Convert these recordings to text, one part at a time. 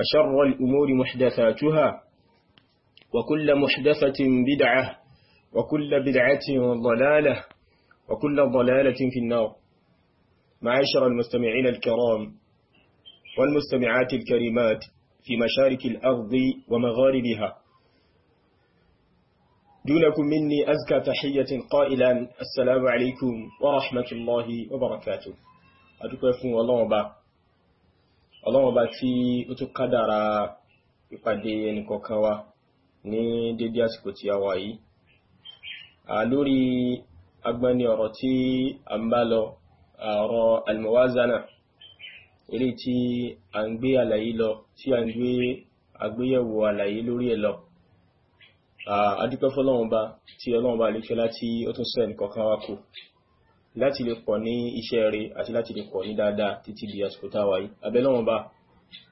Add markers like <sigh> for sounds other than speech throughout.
وشر الأمور محدثاتها وكل محدثة بدعة وكل بدعة ضلالة وكل ضلالة في النار معاشر المستمعين الكرام والمستمعات الكريمات في مشارك الأرض ومغاربها دونكم مني أزكى تحية قائلا السلام عليكم ورحمة الله وبركاته أتكفوا الله وبركاته ọlọ́run bá tí ó tún kádàrà ìpàdé ẹnìkọ̀ọ̀kan wa ní dédé àsìkò tí a wà yìí lórí agbani ọ̀rọ̀ tí a ń bá lọ ọ̀rọ̀ almuwazana ilé tí a ń gbé àlàyé lọ tí a ń gbé àgbéyẹ̀wò àlàyé lórí ẹ̀ lọ adúpẹ́ fọ́lọ́run bá tí ọlọ́run bá lè fẹ́ láti ó tún sẹ́ ẹnìkọ̀ọ̀kan wa kù láti lè pọ̀ ní iṣẹ́ rẹ̀ àti láti lè pọ̀ ní dáadáa títí di àsìkò táwa yìí abẹ́lọ́wọ̀n bá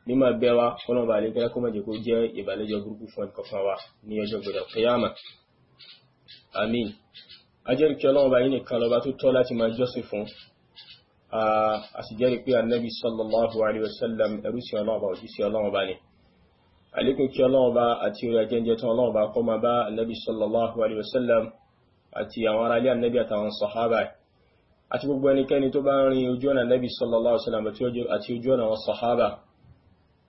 mímọ bẹ́ wa ọlọ́run bá lè gẹ́lẹ́ kó mọ̀jẹ̀ kó jẹ́ ìbàlẹ́jọ́ burúkú fún ẹnì kọ̀ọ̀kan wa ní ọjọ́ gbọdọ̀ kíyámà àmín ajẹ́rìí kí ọlọ́run bá yín nìkan lọ́ba tó tọ́ láti máa jọ́sìn fún a sì jẹ́rìí pé anabi sallallahu alayhi wa sallam ẹrú sí ọlọ́run bá òjíṣẹ́ ọlọ́run ni àlékún kí ọlọ́run àti orí ajẹ́jẹ́ tán ọlọ́run kọ́ máa bá anabi sallallahu alayhi wa sallam àti àwọn aráalé anabi àtàwọn sọ̀hábà àti gbogbo ẹnikẹ́ni tó bá ń rin ojú ọ̀nà Nabi sallallahu alaihi wasallam àti ojú ọ̀nà wọn sàhábà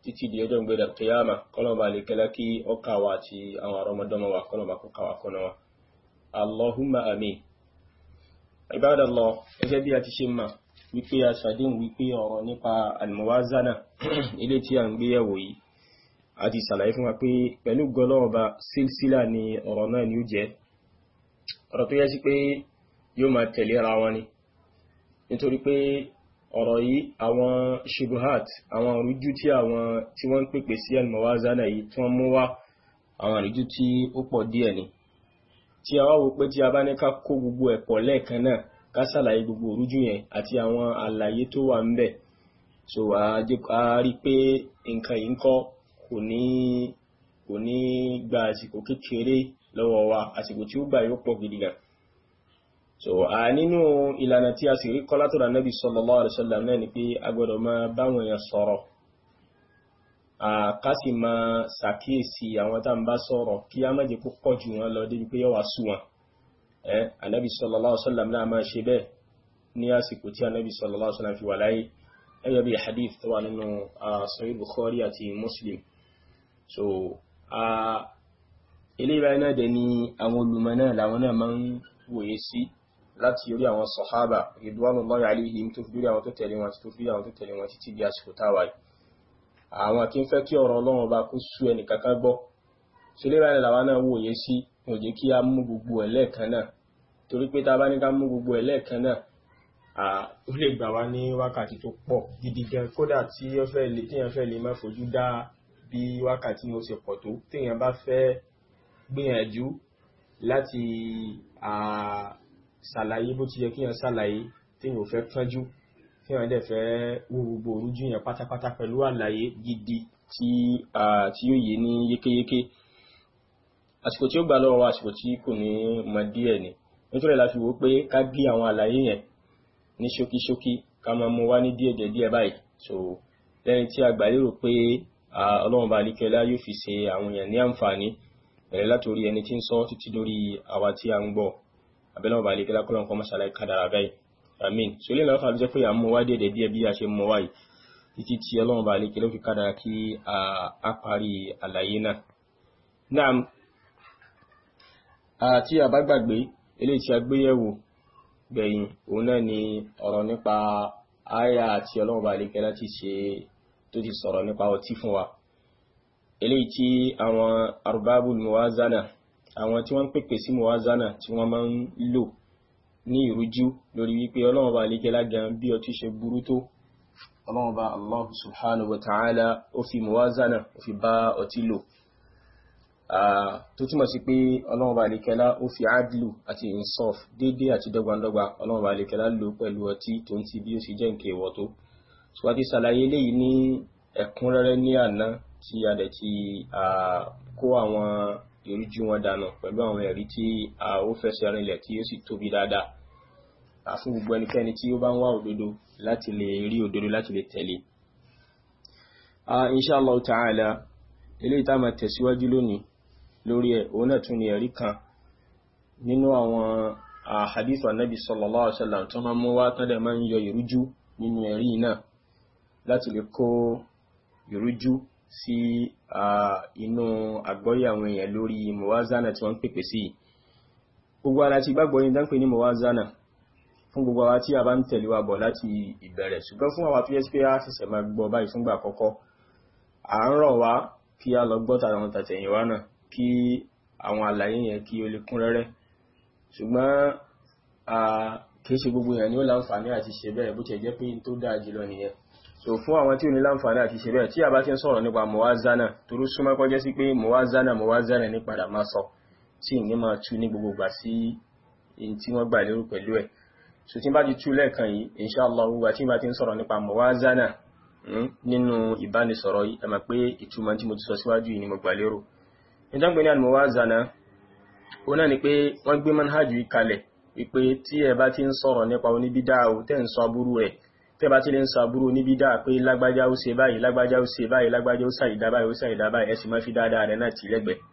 títí di ọjọ́ ìgbéda kìyàmà kọlọ̀bà lè kẹlẹ́ kí ó kàwà àti àwọn àrọmọdọ́mọ wa kọlọ̀bà kó kàwà kọ́nà wa Allahumma amin Ibadallah gẹ́gẹ́ bí a ti ṣe mà wípé a ṣàdéhùn wípé ọ̀rọ̀ nípa almuwazana <clears throat> ilé tí a ń gbé yẹ̀wò yìí a ti ṣàlàyé fún wa pé pẹ̀lú gọlọ́ọ̀ba sílsílà ni ọ̀rọ̀ náà ni ó jẹ́ ọ̀rọ̀ tó yẹ sí pé yóò máa tẹ̀lé ara wọn ni nítorí pé ọ̀rọ̀ yìí àwọn shibuhat àwọn ìrújú tí àwọn tí wọ́n ń pèpè sí al-mawazana yìí tí wọ́n mú wá àwọn ìrújú tí ó pọ̀ díẹ̀ ni tí a wá wò pé tí a bá ní ká kó gbogbo ẹ̀ pọ̀ lẹ́ẹ̀kan náà ká ṣàlàyé gbogbo ìrújú yẹn àti àwọn àlàyé tó wà ń bẹ̀ so a rí pé nǹkan yìí ń kọ́ kò ní kò ní gba àsìkò kékeré lọ́wọ́ wa àsìkò tí ó gbà yóò pọ̀ gidi gan-an so a nínú ìlànà tí a sì rí kọ́lá tó rà nábì sallallahu alaihi wasallam náà ni pé a gbọ́dọ̀ máa báwọn èèyàn sọ̀rọ̀ ká sì máa ṣàkíyèsí àwọn tá ń bá sọ̀rọ̀ kí a má jẹ́ kó pọ̀ jù wọn lọ débi pé yóò wá sú wọn anabi sallallahu alaihi náà máa ṣe bẹ́ẹ̀ ní àsìkò tí anabi sallallahu alaihi fi wà láyé ẹgbẹ́ bí hadith tó wà nínú sahih bukhari àti muslim so ilé ìbáyé náà dẹ̀ ni àwọn olùmọ̀ náà làwọn náà máa ń wòye sí láti orí àwọn sọ̀hábà ridwanullahi alaihim tó fi dórí àwọn tó tẹ̀lé wọn tó fi dórí àwọn tó tẹ̀lé wọn títí di àsìkò táwa yìí àwọn kí n fẹ́ kí ọ̀rọ̀ ọlọ́run ọba kó sú ẹnì kankan gbọ́ ṣẹlẹ̀ báyìí làwa náà wòye sí kò jẹ́ kí a mú gbogbo ẹ̀ lẹ́ẹ̀kan náà torí pé tá a bá ní ká mú gbogbo ẹ̀ lẹ́ẹ̀kan náà ó lè gbà wá ní wákàtí tó pọ̀ gidi gan kódà tí téèyàn fẹ́ lè má fojú dá bí wákàtí mo ṣe pọ̀ tó téèyàn bá fẹ́ gbìyànjú láti ṣàlàyé bó ti yẹ kí yẹn ṣàlàyé téèyàn ò fẹ́ kánjú kí yẹn dẹ̀ fẹ́ wo gbogbo orújú yẹn pátápátá pẹ̀lú àlàyé gidi tí tí ó yé ní yékéyéké àsìkò tí ó gbà lọ́wọ́ àsìkò tí kò ní mọ díẹ̀ ni nítorí la fi wò pé ká gé àwọn àlàyé yẹn ní ṣókíṣókí ká máa mú wá ní díẹ̀ díẹ̀ báyìí so lẹ́yìn tí a gbà lérò pé ọlọ́run bá alikẹ́lá yóò fi ṣe àwọn èèyàn ní àǹfààní bẹ̀rẹ̀ látòrí ẹni tí ń sọ títí lórí àwa tí a ń gbọ́ abẹ́lẹ́wọ̀n bá lè kí lákọ́lọ́n kọ́ mọ́sálá kádàrà báyìí àmín so lè lọ́fà jẹ́ pé wá dédé díẹ̀ bí a ṣe mọ́ wáyìí títí tí ọlọ́run bá lè kí ló fi kádàrà kí a parí àlàyé náà naam àti àbágbàgbé eléyìí tí a gbé yẹ̀wò gbẹ̀yìn òun náà ni ọ̀rọ̀ nípa àyà àti ọlọ́run bá lè kí láti ṣe tó ti sọ̀rọ̀ nípa ọtí fún wa eléyìí tí àwọn arbabul muwazana àwọn tí wọ́n ń pèpè sí muwazana tí wọ́n máa ń lò ní ìrújú lórí wípé ọlọ́run bá léjẹ́ lágan bí ọtí ṣe burú tó ọlọ́run bá Allah subhanahu wa ta'ala ó fi muwazana ó fi bá ọtí lò tó túmọ̀ sí pé ọlọ́run bá lékẹ́lá ó fi adlu àti insof dédé àti dọ́gbandọ́gba ọlọ́run bá lékẹ́lá lò pẹ̀lú ọtí tó ń ti bí ó sì jẹ́ nǹkan ìwọ̀ tó so àti ṣàlàyé léyìí ní ẹ̀kúnrẹ́rẹ́ ní àná tí a dẹ̀ ti kó àwọn ìrújú wọn dànù pẹ̀lú àwọn ẹ̀rí tí ó fẹsẹ̀ rinlẹ̀ tí ó sì tóbi dáadáa fún gbogbo ẹnikẹ́ni tí ó bá ń wá òdodo láti lè rí òdodo láti lè tẹ̀lé inshallah ta'ala ilé ìtàmà tẹ̀síwájú lónìí lórí ẹ̀ òun náà tún ni ẹ̀rí kan nínú àwọn hadith anabi sallallahu alaihi wasallam tó máa mú wá tọ́dẹ̀ máa ń yọ ìrújú nínú ẹ̀rí náà láti lè kó ìrújú sí inú àgbọ́yé àwọn èèyàn lórí mọ̀wázánà tí wọ́n ń pèpè sí gbogbo ara ti gbàgbọ́ ní dánpé ní mọ̀wázánà fún gbogbo àwa tí a bá ń tẹ̀lé wa bọ̀ láti ìbẹ̀rẹ̀ ṣùgbọ́n fún àwa tó yẹ pé a ṣẹ̀ṣẹ̀ máa gbọ́ báyìí fúngbà àkọ́kọ́ à ń rọ̀ wá kí a lọ gbọ́ tàwọn tàtẹ̀yìn wa náà kí àwọn àlàyé yẹn kí ó lè kún rẹ́rẹ́ ṣùgbọ́n kì í ṣe gbogbo èèyàn ni ó láǹfààní àti ṣe bẹ́ẹ̀ bó ti jẹ́ pé tó dáa jùlọ nìyẹn so fún àwọn tí ò ní láǹfààní àti ṣe bẹ́ẹ̀ tí a bá ti ń sọ̀rọ̀ nípa mọ̀wázánà torú súnmọ́ kọjẹ́ sí pé mọ̀wázánà mọ̀wázánà ní padà máa sọ tí ní máa tú ní gbogbo gbà sí in tí wọ́n gbà lérò pẹ̀lú ẹ̀ so tí bá ti tú lẹ́ẹ̀kan yìí inṣáàlá wà tí bá ti ń sọ̀rọ̀ nípa mọ̀wázánà hmm, nínú ìbánisọ̀rọ̀ ẹ mọ̀ pé ìtumọ̀ tí mo ti sọ síwájú yìí ni mo gbà lérò ìjọba ní àlùmọ̀wázánà ó náà ni pé wọ́n gbé manhajù yìí kalẹ̀ wípé tí ẹ bá ti ń sọ̀rọ̀ nípa oníbídáà tẹ́ ń sọ aburú ẹ̀ tẹ́bà tí lè ń sàbúrò níbi dáa pé lágbájá ó ṣe báyìí lágbájá ó ṣe báyìí lágbájá ó ṣàìdá báyìí ó ṣàìdá báyìí ẹ sì máa fi dáadáa rẹ̀ náà tì lẹ́gbẹ̀ẹ́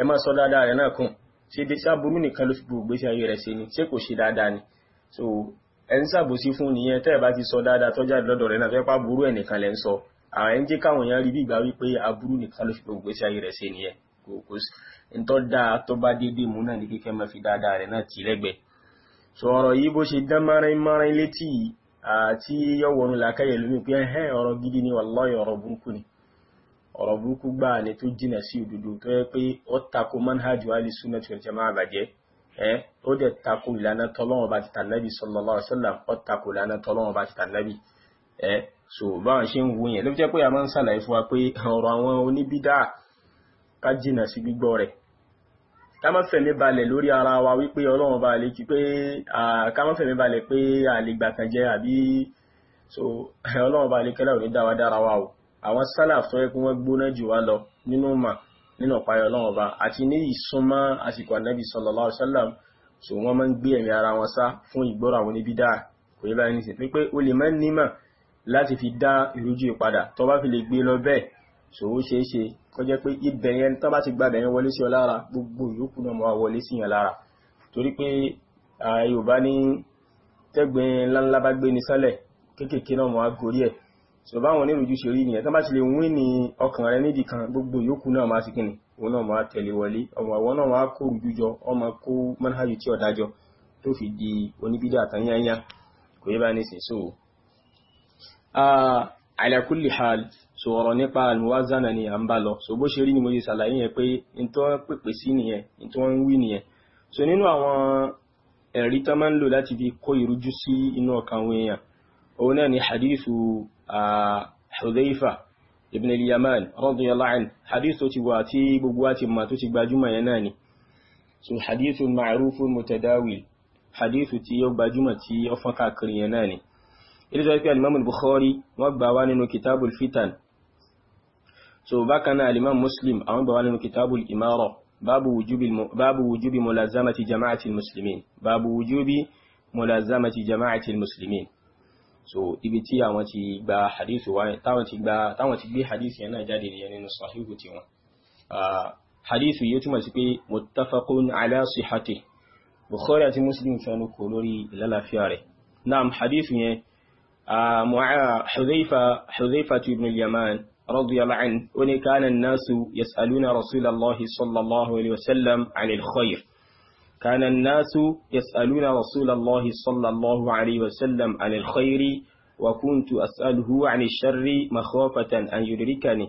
ẹ máa sọ dáadáa rẹ̀ náà kùn ṣe dé sàbúrò nìkan ló fi gbogbo gbèsè ayé rẹ̀ ṣe ni ṣé kò ṣe dáadáa ni so ẹ ń ṣàbòsí fún nìyẹn tẹ́ẹ̀bá ti sọ dáadáa tọ́jà lọ́dọ̀ rẹ̀ náà fẹ́ pa burú ẹ̀ nìkan lẹ́ ń sọ àwọn ẹni jẹ́ káwọn èèyàn rí bí ìgbà wípé aburú nìkan ló fi gbogbo gbèsè ayé rẹ̀ ṣe nìyẹn kò kò ntọ́ dáa tó bá déédéé tí yóò wọnú làákàyè lómi pé ẹ̀hẹ́ ọ̀rọ̀ gidi ni wallahi ọ̀rọ̀ burúkú ni ọ̀rọ̀ burúkú gbáà ni tó jìnà sí òdodo tó yẹ pé ó tako manhaj ahli sunnah wal jama'ah bàjẹ́ ẹ́ ó dẹ̀ tako ìlànà tọ́lọ́wọ́n bá ti tànàbí sallallahu alaihi wasallam ó tako ìlànà tọ́lọ́wọ́n bá ti tànàbí ẹ́ ká má fẹ̀mí balẹ̀ lórí ara wa wípé ọlọ́run bá lè kí pé ká má fẹ̀mí balẹ̀ pé a lè gbà kan jẹ́ àbí so <laughs> ọlọ́run bá lè kẹ́lá ò ní dáwà dára wa o àwọn sálàf tó yẹ kí wọ́n gbóná jù wá lọ nínú mà nínú ọ̀páyọ̀ ọlọ́run ọba àti ní ìsúnmọ́ àsìkò ànábì sallallahu alaihi wasallam so wọ́n máa ń gbé ẹ̀mí ara wọn sá fún ìgbọ́rọ̀ àwọn oníbí dáa kò yẹ báyìí nísìn pé o lè máa nímọ̀ láti fi dá ìrújú ìpadà tó bá fi lè gbé lọ bẹ́ẹ̀ so ó ṣeé ṣe kó jẹ́ pé ibẹ̀ yẹn tó bá ti gba ibẹ̀ yẹn wọlé sí ọ lára gbogbo ìyókù náà máa wọlé sí yẹn lára torí pé yorùbá ní tẹ́gbìn ńláńlá bá gbé ní sánlẹ̀ kéékèèké náà máa gorí ẹ̀ sọ báwọn onírúurú ṣe rí nìyẹn tó bá ti lè wín ní ọkàn rẹ nídìí kan gbogbo ìyókù náà máa sì kìnnì òun náà máa tẹ̀lé wọlé ọmọ àwọn náà máa kó rújújọ ọmọ kó manhajú tí ọ̀dájọ tó fi di oníbídà tán yányá kò yẹ bá ní sìn so ala kulli hal so ọ̀rọ̀ nípa almuwazana ni à ń bá lọ so bó ṣe rí ni mo ṣe ṣàlàyé yẹn pé n tó pèpè sí nìyẹn n tó ń wí nìyẹn so nínú àwọn ẹ̀rí tó máa ń lò láti fi kó ìrújú sí inú ọkàn àwọn èèyàn òun náà ni hadithu Hudhaifa ibn al-Yaman radiyallahu anhu hadith tó ti wà tí gbogbo wa ti mọ̀ tó ti gbajúmọ̀ yẹn náà ni so hadithu ma'rufu mutadawil hadithu tí ó gbajúmọ̀ tí ó káàkiri yẹn náà ni ilé tó wípé alimami Bukhari wọ́n gbà wá nínú kitabul fitan so bákan náà alimam muslim àwọn bàbá nínú kitabul imara babu wujubi babu wujubi mulazamati jama'ati muslimin babu wujubi mulazamati jama'ati muslimin so ibi tí àwọn ti gba hadithu wa táwọn ti gba táwọn ti gbé hadithu yẹn náà jáde nìyẹn nínú sahihu tiwọn hadithu yìí túmọ̀ sí pé muttafaqun ala sihhati bukhari àti muslim fẹnu kò lórí ìlàlàfíà rẹ̀ naam hadithu yẹn a mu'a hudhaifa hudhaifa ibn yaman رضي الله عنه وني كان الناس يسألون رسول الله صلى الله عليه وسلم عن الخير كان الناس يسألون رسول الله صلى الله عليه وسلم عن الخير وكنت أسأله عن الشر مخافة أن يدركني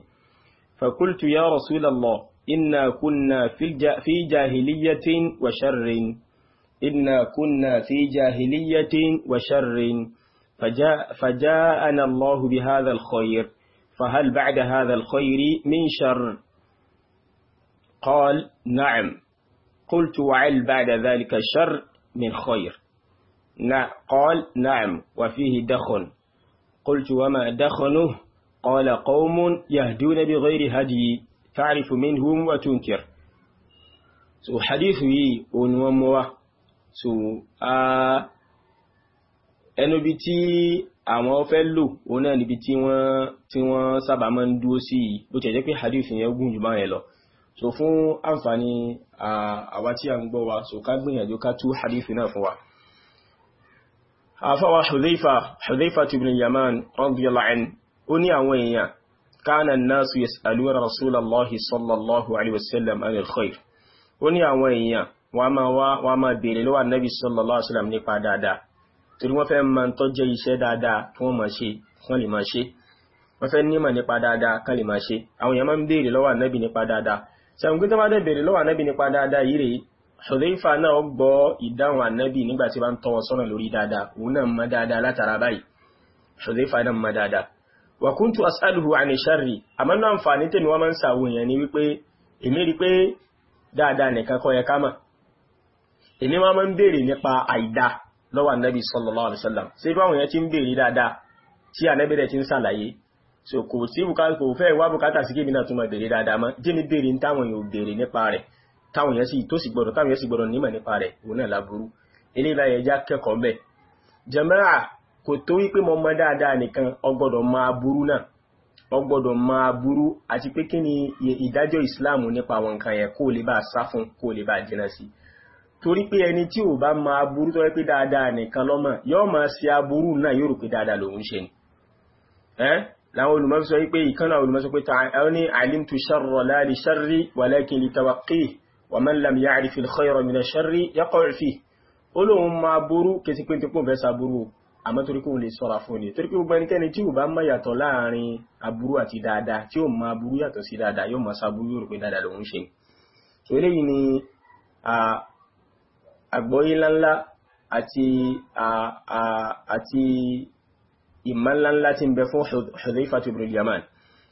فقلت يا رسول الله إنا كنا في جاهلية وشر إنا كنا في جاهلية وشر فجاء فجاءنا الله بهذا الخير فهل بعد هذا الخير من شر قال نعم قلت وعل بعد ذلك الشر من خير قال نعم وفيه دخن قلت وما دخنه قال قوم يهدون بغير هدي تعرف منهم وتنكر سو حديثي òun wọn mọ́ wá انو بيتي àwọn fẹ́ lò òun náà níbi tí wọ́n tí wọ́n sábà máa ń dúró sí yìí bó tiẹ̀ jẹ́ pé hadith yẹn gùn jù bá yẹn lọ so fún àǹfààní àwa tí a ń gbọ́ wa so ká gbìyànjú ká tú hadith náà fún wa. àfọwà Hudhayfa Hudhayfa ibn Yaman radiyallahu anhu ó ní àwọn èèyàn kana an-nasu yas'aluna rasulallahi sallallahu alayhi wa sallam anil khair ó ní àwọn èèyàn wọ́n máa wá máa béèrè lọ́wọ́ ànábì sallallahu alayhi wa nípa dáadáa torí wọ́n fẹ́ máa ń tọ́jẹ́ iṣẹ́ dáadáa kí wọ́n máa ṣe kán lè máa ṣe wọ́n fẹ́ nímọ̀ nípa dáadáa kán lè máa ṣe àwọn èèyàn máa ń béèrè lọ́wọ́ ànábì nípa dáadáa ṣàwọn gbé tó bá dẹ̀ béèrè lọ́wọ́ ànábì nípa dáadáa yìí rèé Hudhayfa náà gbọ́ ìdáhùn ànábì nígbà tí bá tọ́ wọn sọ́nà lórí dáadáa òun náà mọ dáadáa látara báyìí Hudhayfa náà mọ dáadáa wa kuntu as'aluhu 'ani sharri àmọ́ náà àǹfààní tèmi wọ́n máa ń sàwọn èèyàn ni wípé èmi rí pé dáadáa nìkan kọ́ yẹ ká mọ̀ èmi wọ́n máa ń béèrè nípa àìdáa lọ́wọ́ ànábì sallallahu alaihi wasallam ṣé báwọn yẹn ti ń béèrè dáadáa tí ànábì rẹ̀ ti ń ṣàlàyé so kò sí kò fẹ́ wá bùkátà sí kébì náà tún máa béèrè dáadáa mọ́ jẹ́mi béèrè ní táwọn yóò béèrè nípa rẹ̀ táwọn yẹn sì tó sì gbọdọ̀ táwọn burú àti pé kí ni ìdájọ́ ìsìláàmù nípa àwọn nǹkan yẹn kó lè bá sá fún kó lè bá jìnnà sí i torí pé ẹni tí ò bá ma aburú tó rẹ́ pé dáadáa nìkan lọ́mọ̀ yóò máa ṣe aburú náà yóò rò pé dáadáa lòun ṣe ni ẹ́ láwọn olùmọ́sọ wípé ìkánà olùmọ́sọ pé ní alimtu sharra la li sharri walakin li tawaqqihi wa man lam ya'rif al-khayra min ash-sharri yaqa'u fihi ó lóun ma aburú kẹsí pé típò fẹ́ saburú àmọ́ torí kóun lè sọ́ra fún ni torí pé gbogbo ẹnikẹ́ni tí ò bá mọ̀ yàtọ̀ láàrin aburú àti dáadáa tí ò ma aburú yàtọ̀ sí dáadáa yóò ma saburú yóò rò pé dáadáa lòun ṣe eléyìí ni àgbọ́yé ńláńlá àti àti ìmọ̀ ńláńlá tí ń bẹ fún Hudhayfah ibn al-Yaman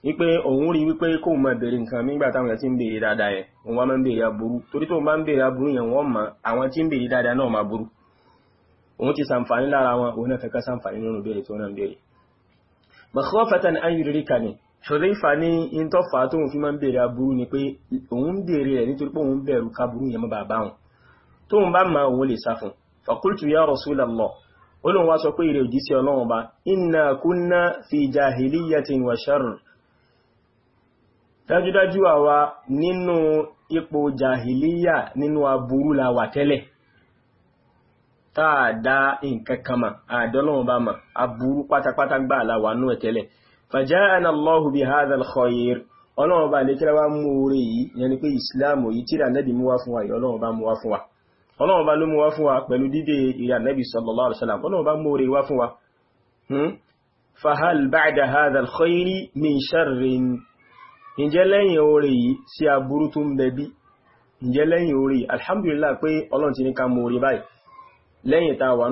wípé òun rí wípé kó máa bèèrè nǹkan nígbà táwọn tí ń bèèrè dáadáa yẹn òun wá máa ń bèèrè aburú torí tó bá ń bèèrè aburú yẹn wọ́n mọ̀ àwọn tí ń bèèrè dáadáa náà máa burú òun ti sàǹfààní lára wọn òun náà kẹ́kẹ́ sàǹfààní nínú bèèrè tó náà ń bèèrè. makhofatan an yudrikani Hudhayfah ní intọ́fà tóun fi máa ń bèèrè aburú ni pé òun bèèrè rẹ̀ nítorí pé òun bẹ̀rù kaburú yẹn mọ́ bàbá wọn tó ń bá máa wò lè sá fún fàkúrtù ya rasulallah olóhun wá sọ pé ìrẹ̀ òjísí ọlọ́run bá inna kunna fi jahiliyatin wa sharr dájúdájú àwa nínú ipò jahiliya nínú aburú la wà tẹ́lẹ̀ táà dá nǹkan kan mà àdọ́lọ́run bá mà aburú pátápátá ọlọ́run bá lè kíra wá mú orí yìí yẹn pé ìsìláàmù yìí tíra nẹ́bì mú wá fún wa yìí ọlọ́run bá mú wá fún wa ọlọ́run bá ló mú wá fún wa pẹ̀lú dídé ìyá nẹ́bí sallallahu alaihi wasallam ọlọ́run bá mú orí wá fún wa hmm? fahal ba'da hadha al-khayri min sharrin ǹjẹ́ lẹ́yìn orí yìí sí aburú tó ń bẹbí ǹjẹ́ lẹ́yìn orí alhamdulillah pé ọlọ́run ti ní ká mú orí báyìí lẹ́yìn ta wà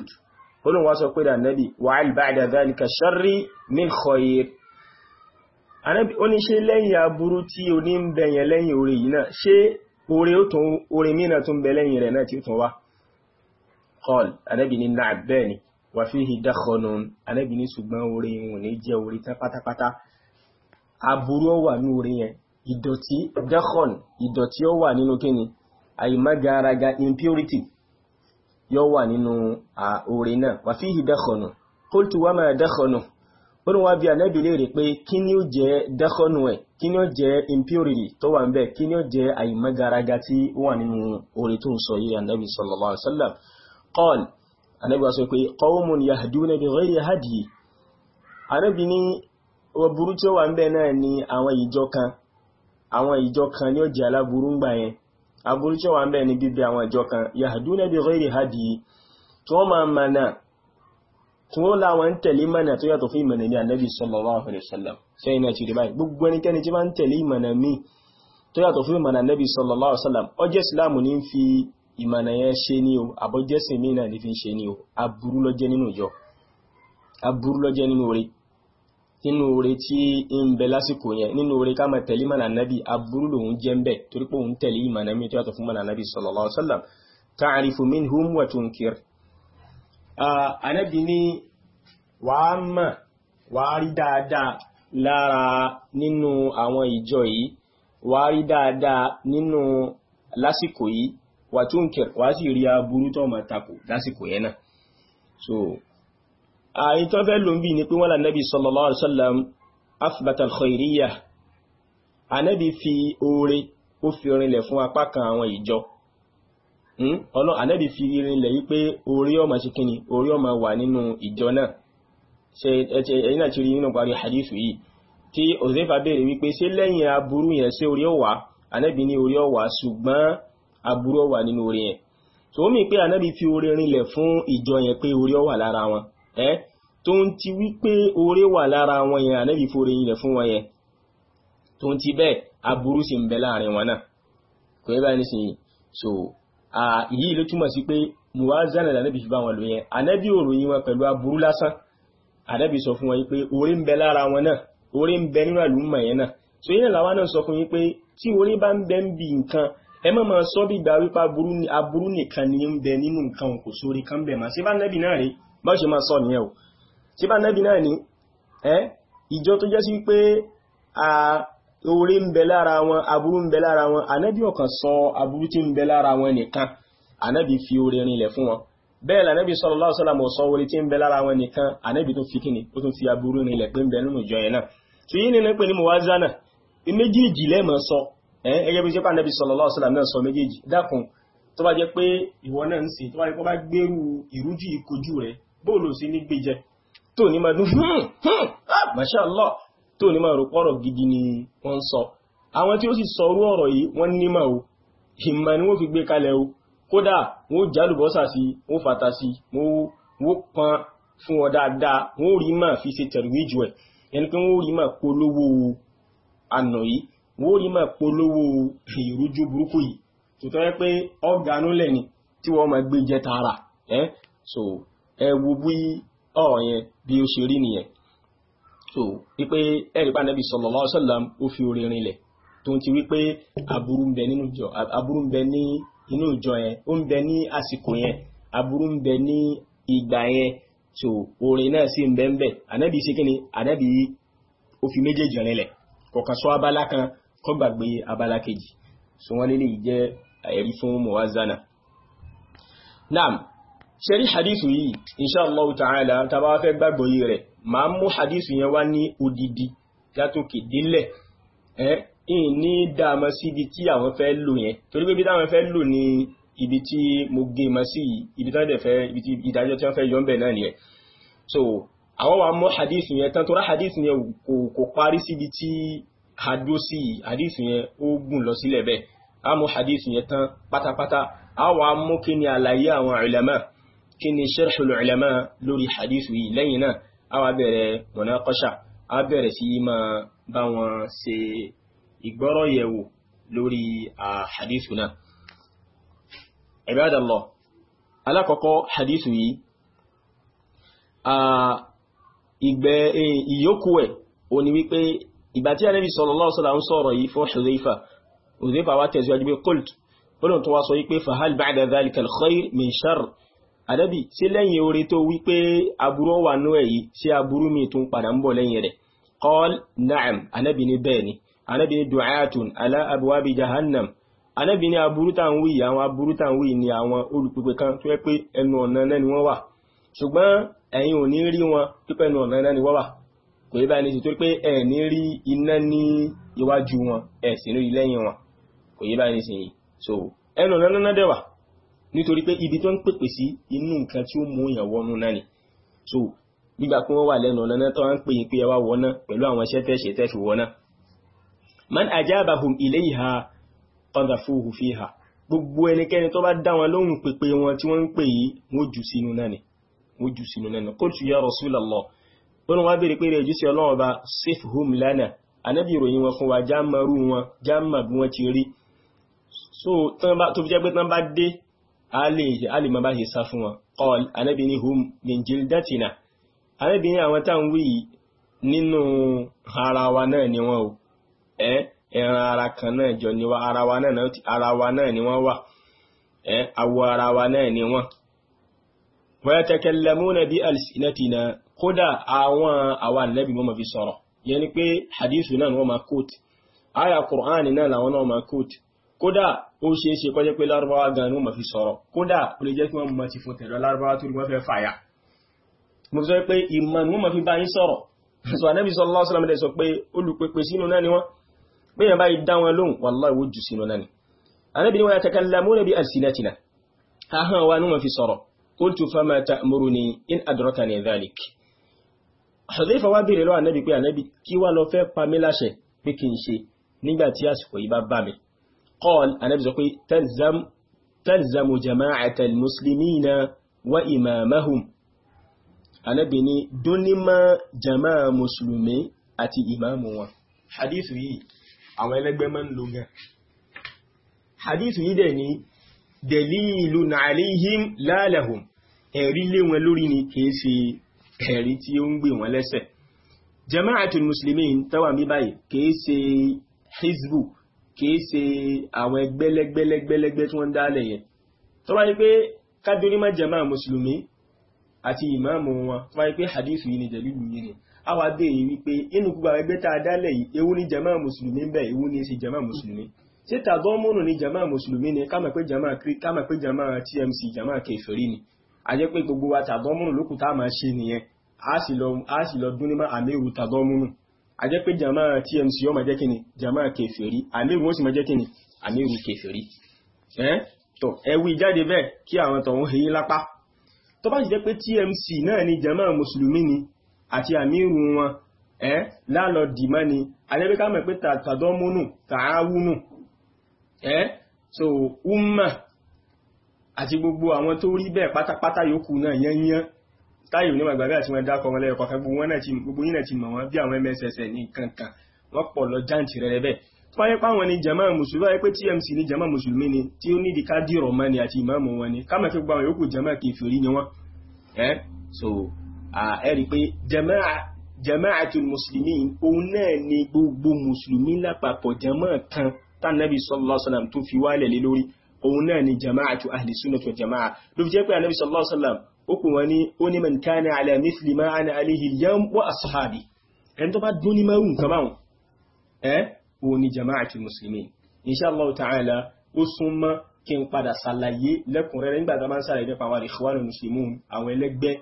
ní olóhùn wá sọ pé dà nẹ́bì wà albáàdà zálika ṣarri min khoyir ó ní ṣe lẹ́yìn aburú tí o ní ń bẹ̀yẹn lẹ́yìn orí yìí náà ṣe orí mìíràn tún bẹ lẹ́yìn rẹ̀ náà tí ó tún wá kọl anẹ́bì ní náà bẹ́ẹ̀ ni wà fi hì dákọ̀nù anẹ́bì ní ṣùgbọ́n orí wọn ní jẹ́ orí tán pátápátá aburú ó wà ní orí yẹn ìdọ̀tí dákọ̀n ìdọ̀tí ó wà nínú kíni àìmágaraga impurity yóò wà nínú oore náà wà fi hì dákọ̀nù qultu wa ma dákọ̀nù ó ní wá bí anábì léèrè pé kí ni ó jẹ́ dákọ̀nù ẹ̀ kí ni ó jẹ́ impurity tó wà ń bẹ̀ kí ni ó jẹ́ àìmọ́garaga tí ó wà nínú oore tó ń sọ yìí anábì sallallahu alaihi wasallam qal anábì wá sọ pé qawmun yahduna bi ghairi hadyi anábì ní burú tí ó wà ń náà ni àwọn ìjọ kan àwọn ìjọ kan ni ó jẹ́ aláburú ń gbà yẹn aburú tí wọ́n bẹ́ẹ̀ ni bíbí àwọn ìjọ kan yahduna bi ghairi hadi tí wọ́n máa mana tí wọ́n láwọn ń tẹ̀lé mana tó yàtọ̀ fún ìmọ̀nà ní anabi sallallahu alaihi wasallam sẹ́yìn náà ti rí báyìí gbogbo ẹnikẹ́ni tí máa ń tẹ̀lé ìmọ̀nà míì tó yàtọ̀ fún ìmọ̀nà anabi sallallahu alaihi wasallam ọjọ́ ìsìláàmù ní fi ìmọ̀nà yẹn nínú oore tí ń bẹ lásìkò yẹn nínú oore ká máa tẹ̀lé mọ̀nà nábì aburú lòun jẹ́ ń bẹ̀ torí pé òun tẹ̀lé ìmọ̀nà mi tó yàtọ̀ fún mọ̀nà nábì sallallahu alaihi wasallam ta'rifu minhum wa tunkir. ànábì ní wàá mọ̀ wàá rí dáadáa lára nínú àwọn ìjọ yìí wàá rí dáadáa nínú lásìkò yìí wa tunkir wàá sì rí aburú tó máa takò lásìkò yẹn náà. so àyí tó fẹ́ ló ń bí ní pé wọ́n lànàbí sallallahu alaihi wasallam afbatal khairiyya ànàbí fi oore ó fi rinlẹ̀ fún apá kan àwọn ìjọ hmm? ọlọ́ ànàbí fi rinlẹ̀ yí pé oore ọmọ sí kíni oore ọmọ wà nínú ìjọ náà ṣe ẹ̀yìn náà ti rí nínú parí hadith yìí tí òzèfà béèrè wípé ṣé lẹ́yìn aburú yẹn ṣé oore ọwà ànàbí ní oore ọwà ṣùgbọ́n aburú ọwà nínú oore yẹn tòun mi pé ànàbí fi oore rinlẹ̀ fún ìjọ yẹn pé oore ọwà lára wọn ẹ́ tó ń ti wípé oore wà lára wọn yẹn ànábì fòrè yìnlẹ̀ fún wọn yẹn tó ń ti bẹ́ẹ̀ aburú sì ń bẹ láàrin wọn náà kò yẹ báyìí nísìnyí so yìí ló túmọ̀ sí pé muwazana lànàbì fi bá wọn lò yẹn ànábì òròyìn wọn pẹ̀lú aburú lásán ànábì sọ fún wọn yìí pé oore ń bẹ lára wọn náà oore ń bẹ nínú àlùmọ̀ yẹn náà so yìí làwọn náà sọ fún yín pé tí oore bá ń bẹ ń bi nǹkan ẹ má máa sọ bí gbà wípé aburú nìkan ni ń bẹ nínú nǹkan kò kan bẹ̀ máa ṣe bá ànábì náà rèé bá ṣe máa sọ nìyẹn o ṣe bá nẹ́bí náà ní ẹ́ ìjọ tó jẹ́ sí pé oore ń bẹ lára wọn aburú ń bẹ lára wọn ànábì ọ̀kan sọ aburú tí ń bẹ lára wọn nìkan ànábì fi oore rinlẹ̀ fún wọn bẹ́ẹ̀ lànàbì sallallahu alaihi wasallam sọ oore tí ń bẹ lára wọn nìkan ànábì tó fi kíni ó tún fi aburú rinlẹ̀ pé ń bẹ nínú ìjọ yẹn náà tó yí nínú pé ní mo wá zánà méjèèjì lẹ́mọ̀ sọ ẹgẹ́ bí sẹ́pà nẹ́bí sallallahu alaihi wasallam náà sọ méjèèjì dákun tó bá jẹ́ pé ìwọ náà ń sìn tó bá jẹ́ pé ó bá gbérú ìrújú ìkojú rẹ̀ bóòlù sí ní gbèjẹ tó ní máa dún hmm, hmm, ah, masha Allah tó ní máa rò gidi ni wọ́n ń sọ àwọn tí ó sì sọrú ọ̀rọ̀ yìí wọ́n nímọ̀ o ìmọ̀ ni wọ́n fi gbé kalẹ̀ o kódà wọ́n jálùbọ́sà sí wọ́n fàtà sí wọ́n pọn fún ọ dáadáa wọ́n rí máa fi ṣe tẹ̀rùwéjù ẹ̀ ẹni pé wọ́n so ẹwu bí ọ̀rọ̀ yẹn bí ó ṣe rí nìyẹn so wípé ẹ̀rí pa nẹ́bí sallallahu alaihi wasallam ó fi orin rinlẹ̀ tó ń ti wípé aburú ń bẹ ní àsìkò yẹn aburú ń bẹ ní ìgbà yẹn so orin náà sì ń bẹ ń bẹ ànábì ṣe kí ni ànábì ó fi méjèèjì rinlẹ̀ kọ̀ọ̀kan sọ abala kan kọ́ gbàgbé abala kejì so wọ́n lélẹ́yìí jẹ́ ẹ̀rí fún muwazana. naam ṣe rí hadithu yìí insha Allah ta'ala tàbá fẹ́ gbàgbọ́ yìí rẹ̀ máa mú hadithu yẹn wá ní odidi látòkè délẹ̀ ẹ́ ní dáàmọ́ sí ibi tí àwọn fẹ́ lò yẹn torí pé ibi táwọn fẹ́ lò ní ibi tí mo gé e ma sí ibi tán tí wọ́n fẹ́ yọ ń bẹ̀ náà so àwọn wa mú hadith yẹn tán tó rá hadith yẹn kò kò parí síbi tí hadó sí hadith yẹn ó gùn lọ sílẹ̀ bẹ́ẹ̀ a mú hadith yẹn tán pátápátá a wà mú kí ni àlàyé àwọn ulama kí ni sharhul ulama lórí hadithu yìí lẹ́yìn náà a wá bẹ̀rẹ̀ munaqasha a bẹ̀rẹ̀ sí máa bá wọn ṣe ìgbọ́rọ̀ yẹ̀wò lórí hadithu náà ibadallah alákọ̀ọ́kọ́ hadithu yìí ìgbẹ́ ìyókù ẹ̀ o ni wípé ìgbà tí Ànábì sallallahu alaihi sọ̀rọ̀ yìí ànábì ṣé lẹ́yìn oore tó wí pé aburú wà nú ẹ̀ yìí aburú mi tún padà ń bọ̀ lẹ́yìn rẹ̀ qal na'am ànábì ní bẹ́ẹ̀ ni ànábì ní du'atun ala abwabi jahannam ànábì ní aburú tá ń wí yìí àwọn aburú tá wí ni àwọn olùpèpè kan tó yẹ pé ẹnu ọ̀nà náà ni wọ́n wà ṣùgbọ́n ẹ̀yin ò ní rí wọn pípẹ́ ẹnu ọ̀nà náà ni wọ́n wà kò yẹ báyìí nítorí pé ẹ̀ ní rí iná ní iwájú wọn ẹ̀ sì rí lẹ́yìn wọn kò yẹ báyìí nísìnyí so ẹnu ọ̀nà náà dẹ̀ wà nítorí pé ibi tó ń pèpè sí inú nǹkan tí ó mú èèyàn wọnú náà ni so nígbà pé wọ́n wà lẹ́nu ọ̀nà náà tó wá ń pè yín pé ẹ wá wọ́n náà pẹ̀lú àwọn iṣẹ́ tẹ́ ṣe tẹ́ fi wọ́n náà man ajabahum ilayha qadhafuhu fiha gbogbo ẹnikẹ́ni tó bá dá wọn lóhùn pèpè wọn tí wọ́n ń pè yìí wọ́n jù sínú náà ni wọ́n jù sínú náà ni qultu ya Rasulallah wọ́n bèèrè pé rẹ̀ jù sí ọlọ́run ọba sifhum lana anábì ìròyìn wọn fún wa jáàmà wọn jáàmà bí wọ́n ti rí so tó fi jẹ́ pé tán bá dé a lè máa bá ṣe sá fún wọn qal anábì ní hum min jildatina anábì ní àwọn táwọn wí nínú ara wa náà ni wọ́n o ẹ́ ẹran ara kan náà jọ ni wa ara wa náà ni wọ́n wà ẹ́ awọ ara wa náà ni wọ́n wa yatakallamuna bi alsinatina kódà àwọn àwọn ànábì wọ́n fi sọ̀rọ̀ yẹn ni pé hadithu náà wọ́n máa kóòtù aya Qur'ani náà làwọn náà máa kóòtù kódà ó ṣe é ṣe kọjẹ́ pé lárúbáwá gan ní wọ́n fi sọ̀rọ̀ kódà ó lè jẹ́ kí wọ́n mọ̀ ti fò tẹ̀lọ lárúbáwá tó wọ́n fẹ́ fàyà mo sọ pé ìmọ̀ ni wọ́n fi bá yín sọ̀rọ̀ sọ ànábì sallallahu alaihi wasallam sọ pé olùpẹ̀pẹ̀ sínú náà ni wọ́n pé yẹn báyìí dá wọn lóhùn wallahi wó jù sínú náà ni ànábì ni wọ́n yatakallamuna bi alsinatina ahọ́n wa ni wọ́n fi sọ̀rọ̀ qultu fama ta'muruni in adrakani dhalik Hudhayfa wá bèèrè lọ́wọ́ ànábì pé ànábì kí wá lọ fẹ́ pa mí láṣẹ pé kí n ṣe nígbà tí àsìkò yìí bá bá mi قال أنا بزقي تلزم تلزم جماعة المسلمين وإمامهم أنا بني دونما جماعة مسلمي أتي إمامهم حديث يي àwọn ẹlẹ́gbẹ́ máa ń lo gan. hadithu yìí dẹ̀ ni dalilu na alihim lalahum ẹ̀rí lé wọn lórí ni kìí ṣe ẹ̀rí tí ó ń gbé wọn lẹ́sẹ̀ jama'atul muslimin tàwa mi báyìí kìí ṣe hizbu kìí ṣe àwọn ẹgbẹ́lẹ́gbẹ́lẹ́gbẹ́lẹ́gbẹ́ tí wọ́n ń dálẹ̀ yẹn tó bá yí pé kádírí má jẹ́ máa mùsùlùmí àti ìmáàmù wọn tó bá yí pé hadith yìí ni jẹ̀lúlù yìí ni a wá béèrè wípé inú gbogbo àwọn ẹgbẹ́ tá a dálẹ̀ yìí ewu ni jẹ́máà mùsùlùmí bẹ́ẹ̀ ewu ni ṣe jẹ́máà mùsùlùmí ṣé tàdọ́mùnù ni jẹ́máà mùsùlùmí ni ká mọ̀ pé jẹ́máà TMC jẹ́máà kẹfẹ́rí ni a jẹ́ pé gbogbo wa tàdọ́mùnù lókùtà máa ṣe nìyẹn a sì lọ dún ní má àmì ìwù tàdọ́mùnù a jẹ́ pé jama TMC yóò máa jẹ́ kíni jama kèfèrí àmírù wọ́n sì máa jẹ́ kíni àmírù kèfèrí ẹ́ tó ẹ̀wì jáde bẹ́ẹ̀ kí àwọn tọ̀hún hẹ́yìn lápá tó bá sì jẹ́ pé TMC náà ni jama mùsùlùmí ni àti àmírù wọn ẹ́ lálọ́ dìmọ́ ni a jẹ́ pé ká mọ̀ pé tàdọ́múnù tààwúnù so umma àti gbogbo àwọn tó rí bẹ́ẹ̀ pátápátá yòókù náà yányán táyì onímọ̀ àgbàgbé àti wọn dákọ̀ wọn lẹ́yọ̀kọ̀ kan gbogbo yín náà ti mọ̀ wọ́n bí àwọn mss ní kankan wọ́n pọ̀ lọ jáǹtì rẹ̀ bẹ́ẹ̀ tó páwọn ni jama mùsùlùmí wáyé pé tmc ni jama mùsùlùmí ni tí ó ní ìdíká dìrọ̀ mọ́ ni àti ìmáàmù wọn ni káàmà fi gba àwọn yòókù jama kèfèrí ni wọ́n ẹ́ so ẹ rí i pé jama'atul muslimin òun náà ni gbogbo mùsùlùmí lápapọ̀ jama kan tánàbí sallallahu alaihi wasallam tó fi wálẹ̀ lé lórí òun náà ni jama'atu ahli sunnah wal jama'a ló fi jẹ́ pé ànábì sallallahu ó pè wọ́n ní ó ní man kana ala mithli ma ana alayhi al-yawm wa ashabi ẹni tó bá dún ní mẹ́rù nǹkan báwọn ẹ́ o ní jama'ati muslimin insha Allah ta'ala ó súnmọ́ kí n padà ṣàlàyé lẹ́kùnrẹ́rẹ́ nígbà tá a máa ń ṣàlàyé nípa àwọn ikhwanul muslimun àwọn ẹlẹ́gbẹ́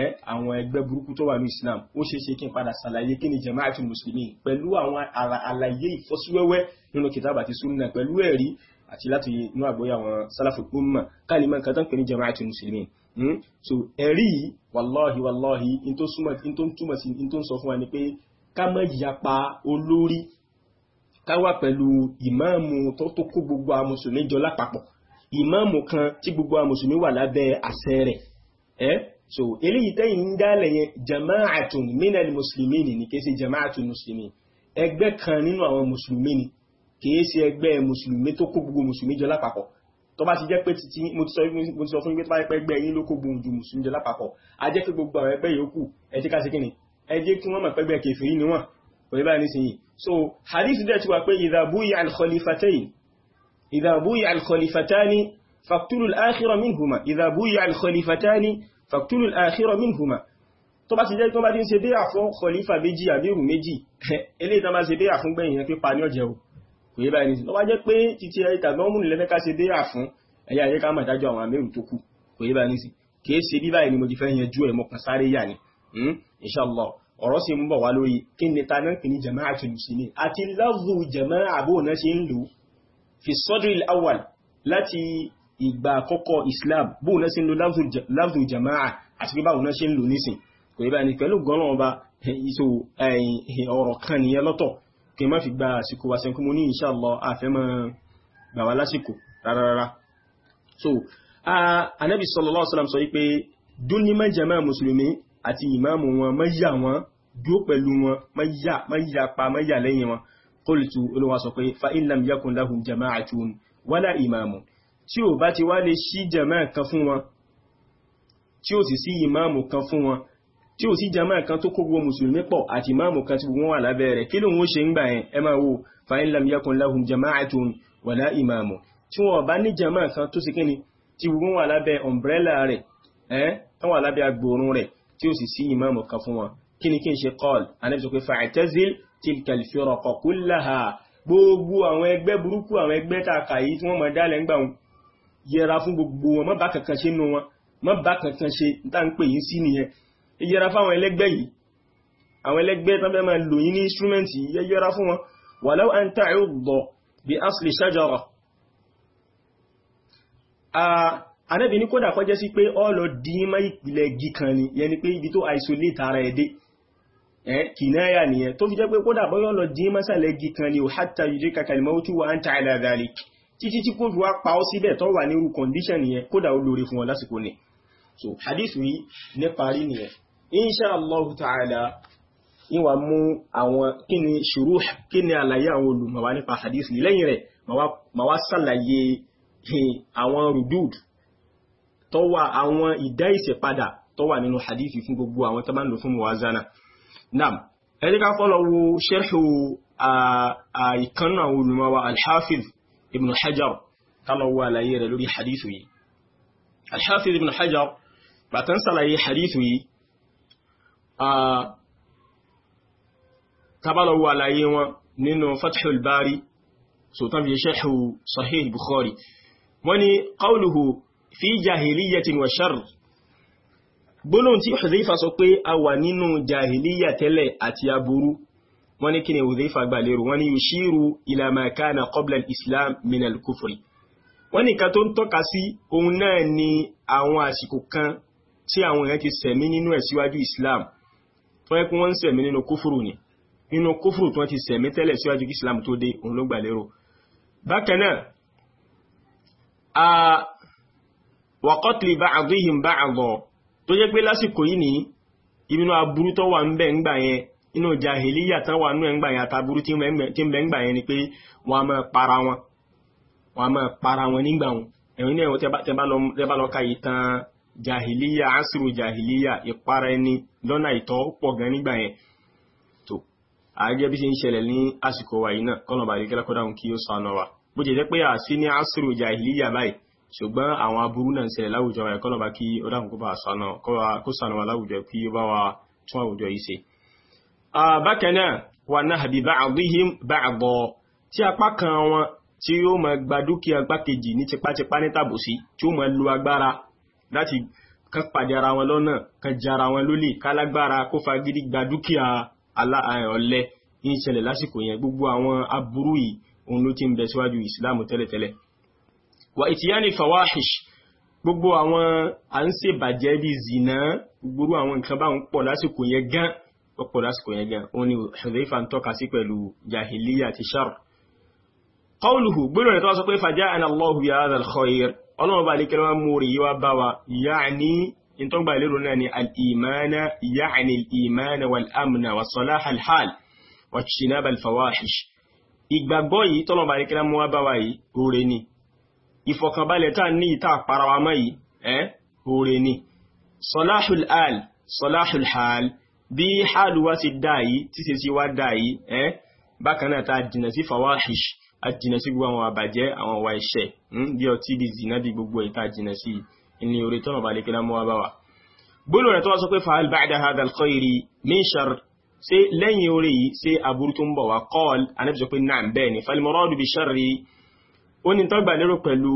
ẹ́ àwọn ẹgbẹ́ burúkú tó wà ní Islam ó ṣe é ṣe kí n padà ṣàlàyé kí ni jama'ati Hmm? so ẹ̀rí wàláhì wàláhì in tó túmọ̀ sí in tó ń sọ fún wa ni pé ká má yapa olórí ká wà pẹ̀lú ìmáàmù tó tó kó gbogbo àwọn jọ lápapọ̀ ìmáàmù kan tí gbogbo àwọn mùsùlùmí wà lábẹ́ àṣẹ rẹ̀ ẹ́ so eléyìí tẹ́yìn ń dálẹ̀ yẹn jama'atun minal muslimin ni kìí ṣe jama'atun muslimin ẹgbẹ́ kan nínú àwọn mùsùlùmí ni kìí ṣe ẹgbẹ́ mùsùlùmí tó kó gbogbo mùsùlùmí jọ lápapọ̀ tó bá ti jẹ́ pé títí mo ti sọ fún yín pé tó bá jẹ́ pé ẹgbẹ́ yín ló kó gbòǹdù mùsùlùmí jẹ lápapọ̀ a jẹ́ pé gbogbo àwọn ẹgbẹ́ yòókù ẹ jẹ́ ká ṣe kíni ẹ jẹ́ kí wọ́n mọ̀ pé ẹgbẹ́ kèfèrí ni wọ́n báyìí nísìnyí so hadith dẹ̀ ti wà pé ìdàbúyà alkhalifatain ìdàbúyà alkhalifatani faktulu al-akhira minhuma ìdàbúyà alkhalifatani faktulu al-akhira minhuma tó bá ti jẹ́ tó bá ti ń ṣe bí àfún khalifa méjì àbí ìrù méjì <laughs> eléyìí tó bá ṣe bí àfún gbẹ̀yìn yẹn pípa ní ọ̀jẹ̀ o kò yé báyìí nísìnyí tó bá jẹ́ pé títí ẹ tàbí ọmú nílẹ́fẹ́ ká ṣe déyà fún ẹ̀yà ayé ká mọ̀ ìdájọ́ àwọn amẹ́rù tó kù kò báyìí nísìnyí kìí ṣe bí báyìí ni mo ti fẹ́ yanjú ẹ̀ mọ́ kan sáré yà ni hmm? inshallah ọ̀rọ̀ sì ń bọ̀ wá lórí kí ni ta náà pè ní jama'atul muslimin àti lafzu jama'a àbò náà ṣe ń lò fi sọ́dọ̀ awal láti ìgbà àkọ́kọ́ islam bó náà ṣe ń lò lafzu jama'a àti bí báwo náà ṣe ń lò nísìn kò yẹ báyìí pẹ̀lú gan-an ọba <laughs> ọ̀rọ̀ kan nìyẹn lọ́tọ̀ kí n má fi gba àsìkò wa sẹ́kún mo ní inshallah àfẹ́mọ́ gbà wá lásìkò rárára so anabi sallallahu alaihi wasallam sọ wípé dún ní mẹ́jẹ̀má mùsùlùmí àti ìmáàmù wọn mẹ́yà wọn dúó pẹ̀lú wọn mẹ́yà pa mẹ́yà lẹ́yìn wọn qultu olówó pé fa in lam yakun lahum jama'atun wala ìmáàmù tí ò bá ti wá lè sí jẹ̀má kan fún wọn tí ò sì sí ìmáàmù kan fún wọn tí ò sí jama kan tó kó gbogbo mùsùlùmí pọ̀ àti máàmù kan tí wọ́n wà lábẹ́ rẹ̀ kí ló ń ṣe ń gbà yẹn ẹ máa wo fa'in lam yakun lahum jama'atun wala imamu tí wọ́n bá ní jama kan tó sì kíni tí wọ́n wà lábẹ́ umbrella rẹ̀ ẹ́ tán wà lábẹ́ agbòrún rẹ̀ tí ó sì sí ìmáàmù kan fún wọn kí ni kí n ṣe kọ́ọ̀l anẹ́bìsọ pé fa'tazil tilkal firqa kullaha gbogbo àwọn ẹgbẹ́ burúkú àwọn ẹgbẹ́ tààkà yìí tí wọ́n mọ̀ dálẹ̀ ń gbà wọn yẹra fún gbogbo wọn má bá kankan ṣe nù wọn má bá kankan ṣe tá ń pè yín sí nìyẹn ẹ yẹra fáwọn ẹlẹ́gbẹ́ yìí àwọn ẹlẹ́gbẹ́ tán bẹ́ẹ̀ máa lò yín ní instrument yìí ẹ yẹra fún wọn walau an ta'udda bi asli shajara ànábì ní kódà kọjẹ́ sí pé ọlọ díímọ̀ ìpìlẹ̀ igi kan ni yẹni pé ibi tó isolate ara ẹ̀dẹ́ kìnáyà nìyẹn tó fi jẹ́ pé kódà bọ́yọ́ lọ díímọ̀ sàlẹ̀ igi kan ni hatta yudrika al-mautu wa anta ala dhalik títí tí kò fi wá pa ọ́ síbẹ̀ tó wà ní irú condition nìyẹn kódà ó lóore fún ọ lásìkò ni so hadith yìí níparí nìyẹn insha allahu ta'ala níwà mú àwọn kíni ṣùrú kíni àlàyé àwọn olùmọ̀wá nípa hadith ní lẹ́yìn rẹ̀ ma wá sàlàyé àwọn rudud tó wà àwọn ìdá ìṣẹ̀padà tó wà nínú hadith fún gbogbo àwọn tó bá ń lò fún muwazana nam ẹni ká fọ́lọ̀ wo ṣẹ́ṣù bàtán sàlàyé hadith yìí tabalawo àlàyé wọn nínú Fathul Bari sultan fi sharhu Sahih Bukhari wọ́n ní qawluhu fi jahiliyatin wa sharr gbólóhùn tí Hudhayfa sọ pé a wà nínú jahiliya tẹ́lẹ̀ àti aburú wọ́n ní kí ni Hudhayfa gbà lérò wọ́n ní yushiru ila ma kana qabla islam min kufri wọ́n ní nǹkan tó ń tọ́ka sí òun náà ni àwọn àsìkò kan tí àwọn èèyàn ti sẹ̀mí nínú ẹ̀ islam tó yẹ kí wọ́n ń nínú kúfùrù ni nínú kúfùrù tó ti sẹ̀mí tẹ́lẹ̀ síwájú kí islam tó dé òun ló gbà lérò bákan náà a wàkọ́tìlì ba'dihim mba tó jẹ́ pé lásìkò yìí ní ìbínú aburú tó wà ń ńgbà yẹn inú jahiliya tán wà nú ẹ̀ngbà yẹn àtàburú tí ń ńgbà yẹn ni pé wọ́n máa para wọn wọ́n máa para wọn nígbà tẹ́ bá lọ jahiliya asiru jahiliya ìpara ẹni lọ́nà ìtọ́ pọ̀ gan nígbà yẹn tó àgẹ́ bí ṣe ń ṣẹlẹ̀ ní àsìkò wa yìí náà kọ́nà bàbá ìkẹ́lẹ́ kọ́dà kí ó sànà wa bó jẹ́ pé àṣì ní asiru jahiliya báyìí ṣùgbọ́n àwọn aburú náà ń ṣẹlẹ̀ láwùjọ wa kọ́nà bá kí ó dáhùn kó sànà wa láwùjọ kí ó bá wa tún àwùjọ yìí ṣe. bákan náà wà náà bí ba'dihim ba'da tí apá kan wọn tí yóò máa gba gbákejì ní tipátipá ní tàbùsí tí ó máa lo agbára láti kan pàdé ara wọn lọ́nà kan jara wọn lólè kálágbára kó fagídí gba dúkìá ọ̀lẹ ń ṣẹlẹ̀ lásìkò yẹn gbogbo àwọn aburú yìí òun ló ti ń bẹ síwájú ìsìláàmù tẹ́lẹ̀tẹ́lẹ̀ wà ìtìyáni fawahish gbogbo àwọn à ń ṣe bàjẹ́ bíi zina gbogbo àwọn nǹkan báwọn pọ̀ lásìkò yẹn gan pọ̀ lásìkò yẹn gan òun ni Hudhayfa ń tọ́ka sí pẹ̀lú jahiliya ti shar qawluhu gbọ́dọ̀ rẹ̀ tó ọlọ́run bá lékẹ́ wá mú rí wá bá wa yáàní ìtọ́gbà lérò náà ni al'imana yáàní al'imana wal'amna wa salah alhal wa shinab alfawahish ìgbàgbọ́ yìí tọ́lọ́run bá lékẹ́ mú wá bá wa yìí oore ni ìfọ̀kànbalẹ̀ tá ní ìta àpara wa mọ́ yìí ẹ́ oore ni salahul al salahul hal bí hàlù wá ti dáa yìí títí sí wá dáa yìí ẹ́ bákan náà ta jìnà sí fawahish a jìnà sí gbogbo àwọn àbàjẹ́ àwọn ọ̀wà ẹ̀ṣẹ̀ hmm, bí ọtí bí zina bí gbogbo ìta jìnà sí ní orí tọ́nà bá lékelá mọ́ bá wa gbólò rẹ̀ tó wá sọ pé fa'al ba'da hadha al-khayri min shar ṣe lẹ́yìn orí yìí ṣe aburú tó ń bọ̀ wá qal anábìsọ pé náà bẹ́ẹ̀ ni fal-muradu bi sharri ó ní tọ́gbà lérò pẹ̀lú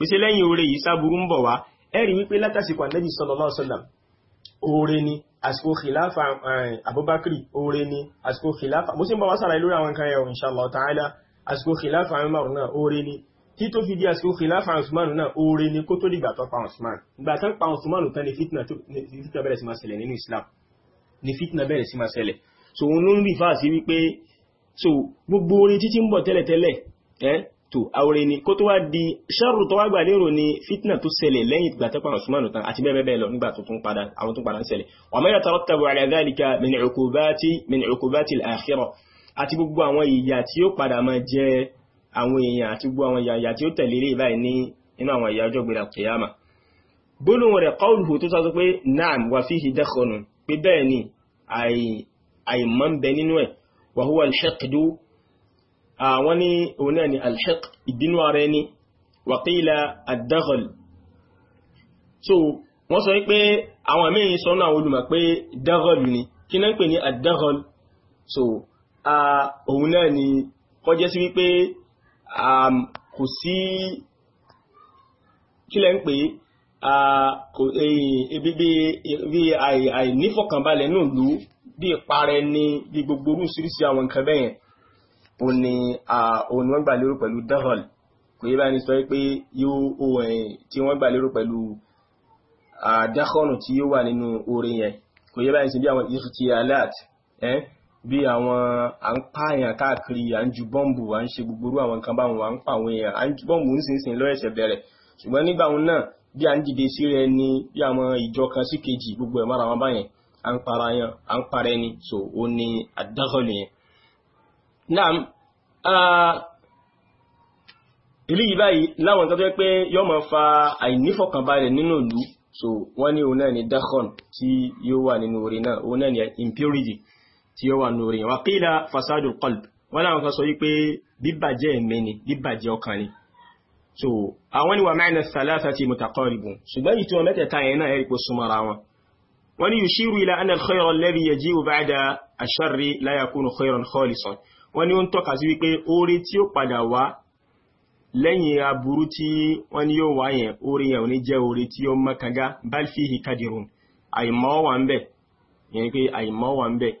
pèsè lẹ́yìn oore yìí sáburú ń bọ̀ wá ẹ̀rí wípé látàsìkò ànábì sallallahu alaihi wasallam oore ni àsìkò khilafa eh, abubakar oore ni àsìkò khilafa mo sì ń bọ̀ wá sàlàyé lórí àwọn nǹkan yẹn inshallah ta'ala àsìkò khilafa umar náà oore ni tí tó fi di àsìkò khilafa usman náà oore ni kó tó di gbàtọ́ pa usman gbàtọ́ pa usman tán ni fitna bẹ̀rẹ̀ sí máa ṣẹlẹ̀ nínú islam ni fitna bẹ̀rẹ̀ so òun ló ń so gbogbo orin títí ń tó àwòrán ni kó tó wá di ṣẹ́rù tó wá gbà lérò ni fitna tó ṣẹlẹ̀ lẹ́yìn ìgbà tẹ́pà Usman tán àti bẹ́ẹ̀ bẹ́ẹ̀ lọ nígbà tó tún padà àwọn tó padà ń ṣẹlẹ̀ wa ma yatarattabu ala dhalika min uqubati min uqubati al-akhirah àti gbogbo àwọn ìyà tí ó padà máa jẹ àwọn èèyàn àti gbogbo àìmọ́ ń bẹ nínú ẹ̀ wa huwa àwọn ní òun náà ni alhiq ìdínú ara ẹni wàkílà àdáhọl so wọ́n sọ pé àwọn mẹ́yìn sọ náà olùmọ̀ pé dáhọl ni kí náà ń pè ní àdáhọl so òun náà ni kọjẹ́ sí wípé kò sí kílẹ̀ ń pè eh, bí àìnífọ̀kànbalẹ̀ náà lú bí ìparẹ́ ní bí gbogbo orú sírísí àwọn nǹkan bẹ́yẹn òun ni wọ́n gbà lérò pẹ̀lú dahol kò yẹ báyìí sọ pé tí wọ́n gbà lérò pẹ̀lú dahonu tí yóò wà nínú orin yẹn kò yẹ báyìí sí bí àwọn ìfìtì alert bí àwọn à ń pààyàn káàkiri à ń ju bọ́ǹbù à ń ṣe gbogbo àwọn nǹkan báwọn à ń pa àwọn èèyàn à ń ju bọ́ǹbù nísinsìnyí lọ́ẹ̀ṣẹ̀ bẹ̀rẹ̀ ṣùgbọ́n nígbà òun náà bí à ń dìde sí rẹ ni bí àwọn ìjọ kan sí kejì gbogbo ẹ̀ mọ́ra wọn báyẹn à ń para yẹn à ń para ẹni so ó ní àdáhọ́lù yẹn naam ilé yìí báyìí láwọn tó jẹ́ pé yọ́ máa fa àìnífọ̀kànbalẹ̀ nínú ìlú so wọ́n ní òun náà ni dakhon tí yóò wà nínú orin náà òun ni impurity tí yóò wà nínú orin wa qila fasadul qalb wọ́n láwọn kan sọ wípé bíbàjẹ́ ẹ̀mí ni bíbàjẹ́ ọkàn ni so àwọn ni wà ma'na thalathati mutaqaribun ṣùgbọ́n yìí tí wọ́n mẹ́tẹ̀ẹ̀ta yẹn náà ẹ̀rí kò súnmọ́ra wọn wọ́n ní yushiru ila anna al-khayra alladhi yaji'u ba'da ash-sharri la yakunu khayran khalisan wọ́n ní ó ń tọ́ka sí wípé oore tí ó padà wá lẹ́yìn aburú tí wọ́n ní yóò wá yẹn oore yẹn ò ní jẹ́ oore tí ó mọ́kangá balfihi kadirun àìmọ́ wà ń bẹ̀ yẹn pé àìmọ́ wà ń bẹ̀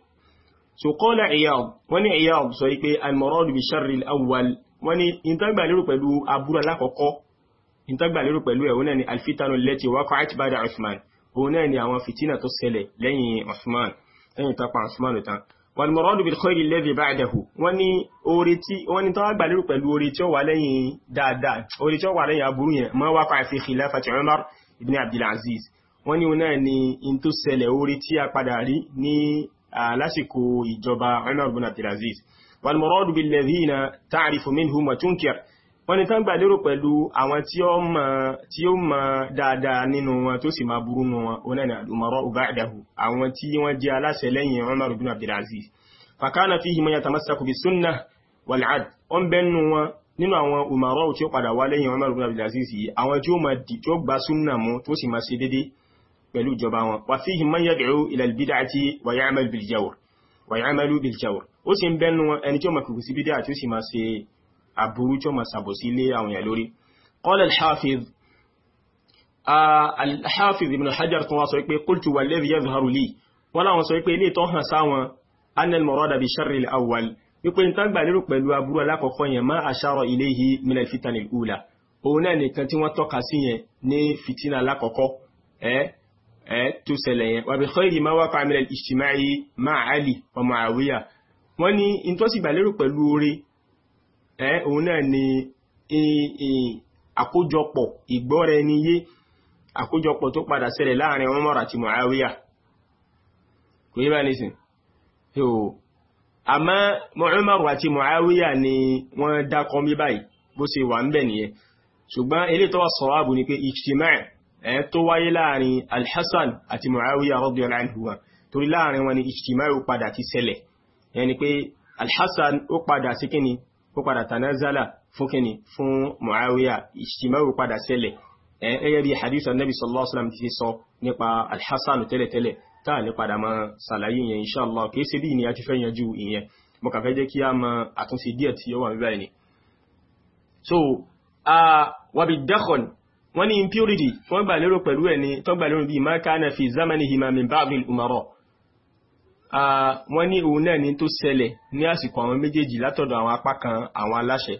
so qala Iyad wọ́n ní Iyad sọ wípé almuradu bi sharri al-awwal wọ́n ní ìtọ́gbà lérò pẹ̀lú aburú alákọ̀ọ́kọ́ ìtọ́gbà lérò pẹ̀lú ẹ̀ òun náà ni alfitanu lẹ́tì waqa'at ba'da Uthman òun náà ni wàlmọ̀rọ́dù bí kọ́ìlì lẹ́bí bá ẹ̀dẹ̀hù wọ́n ní orí tí wọ́n ní tán àgbà lérò pẹ̀lú orí tí ó wà lẹ́yìn dáadáa orí tí ó wà lẹ́yìn aburú yẹn ma wá fàáfi khilafati Umar ibn Abdulaziz wọ́n ní náà ni in tó ṣẹlẹ̀ orí tí a padà rí ní lásìkò ìjọba Umar ibn Abdulaziz wàlmọ̀rọ́dù bí lẹ́bí na ta'rifu minhum wa tunkir wọ́n ní tán gbà lérò pẹ̀lú àwọn tí ó mọ̀ dáadáa nínú wọn tó sì máa burú nù wọn onáni àdùmọ̀rọ̀ ba'dahu àwọn tí wọ́n jẹ́ aláṣẹ lẹ́yìn Umar ibn Abdul Aziz fàkánà fihi man yatamassaku bi sunnah wal 'adl wọ́n bẹ́nu wọn nínú àwọn umarọ́ tí ó padà wá lẹ́yìn Umar ibn Abdul Aziz yìí àwọn tí ó máa dì tí ó gba súnnà mú tó sì máa ṣe dédé pẹ̀lú ìjọba wọn wà fihi aburú tí ó ma sàbò sí ilé àwọn èèyàn lórí qala al-hafiz al-hafiz ibn hajar tó wá sọ pé qultu wal-ladhi yadhharu li wọ́n láwọn sọ pé ilé tó hàn sáwọn anna al-murada bi sharri al-awwal wípé n tán gbà lérò pẹ̀lú aburú alákọ̀ọ́kọ́ yẹn ma ashara ilayhi min al-fitan al-ula òun náà nìkan tí wọ́n tọ́ka sí yẹn ní fitina alákọ̀ọ́kọ́ ẹ́ ẹ́ tó ṣẹlẹ̀ yẹn wàbí khayri ma waqa'a min al-ijtima'i ali wa mu'awiya wọ́n ní in gbà lérò pẹ̀lú oore òun náà ni àkójọpọ̀ ìgbọ́ra ẹni yé àkójọpọ̀ tó padà ṣẹlẹ̀ láàrin Umar àti Muawiya kò yí bá nísìn so àmọ́ Umar àti Muawiya ni wọ́n dákọ́ mí báyìí bó ṣe wà ń bẹ̀ nìyẹn ṣùgbọ́n ilé tó wà sọ̀wábù ni pé ijtima' ẹ̀ tó wáyé láàrin al-Hasan àti Muawiya radiyallahu anhuma torí láàrin wọn ni ijtima' ó padà ti ṣẹlẹ̀ ẹni pé al ó padà sí kíni ó padà tanazala fún kíni fún Muawiya ìṣtìmáwò padà ṣẹlẹ̀ ẹgẹ́ bí hadith annabi sallallahu alaihi wasallam ti sọ nípa alhassanu tẹ́lẹ̀tẹ́lẹ̀ táà ní padà máa ṣàlàyé yẹn inshallah kìí ṣe bí ìní a ti fẹ́ so a wàbí dakhon wọ́n impurity wọ́n gbà lérò pẹ̀lú ẹni tó gbà lérò bí ma kana fi wọ́n ní òun náà ní tó ṣẹlẹ̀ ní àsìkò àwọn méjèèjì látọ̀dọ̀ àwọn apá kan àwọn aláṣẹ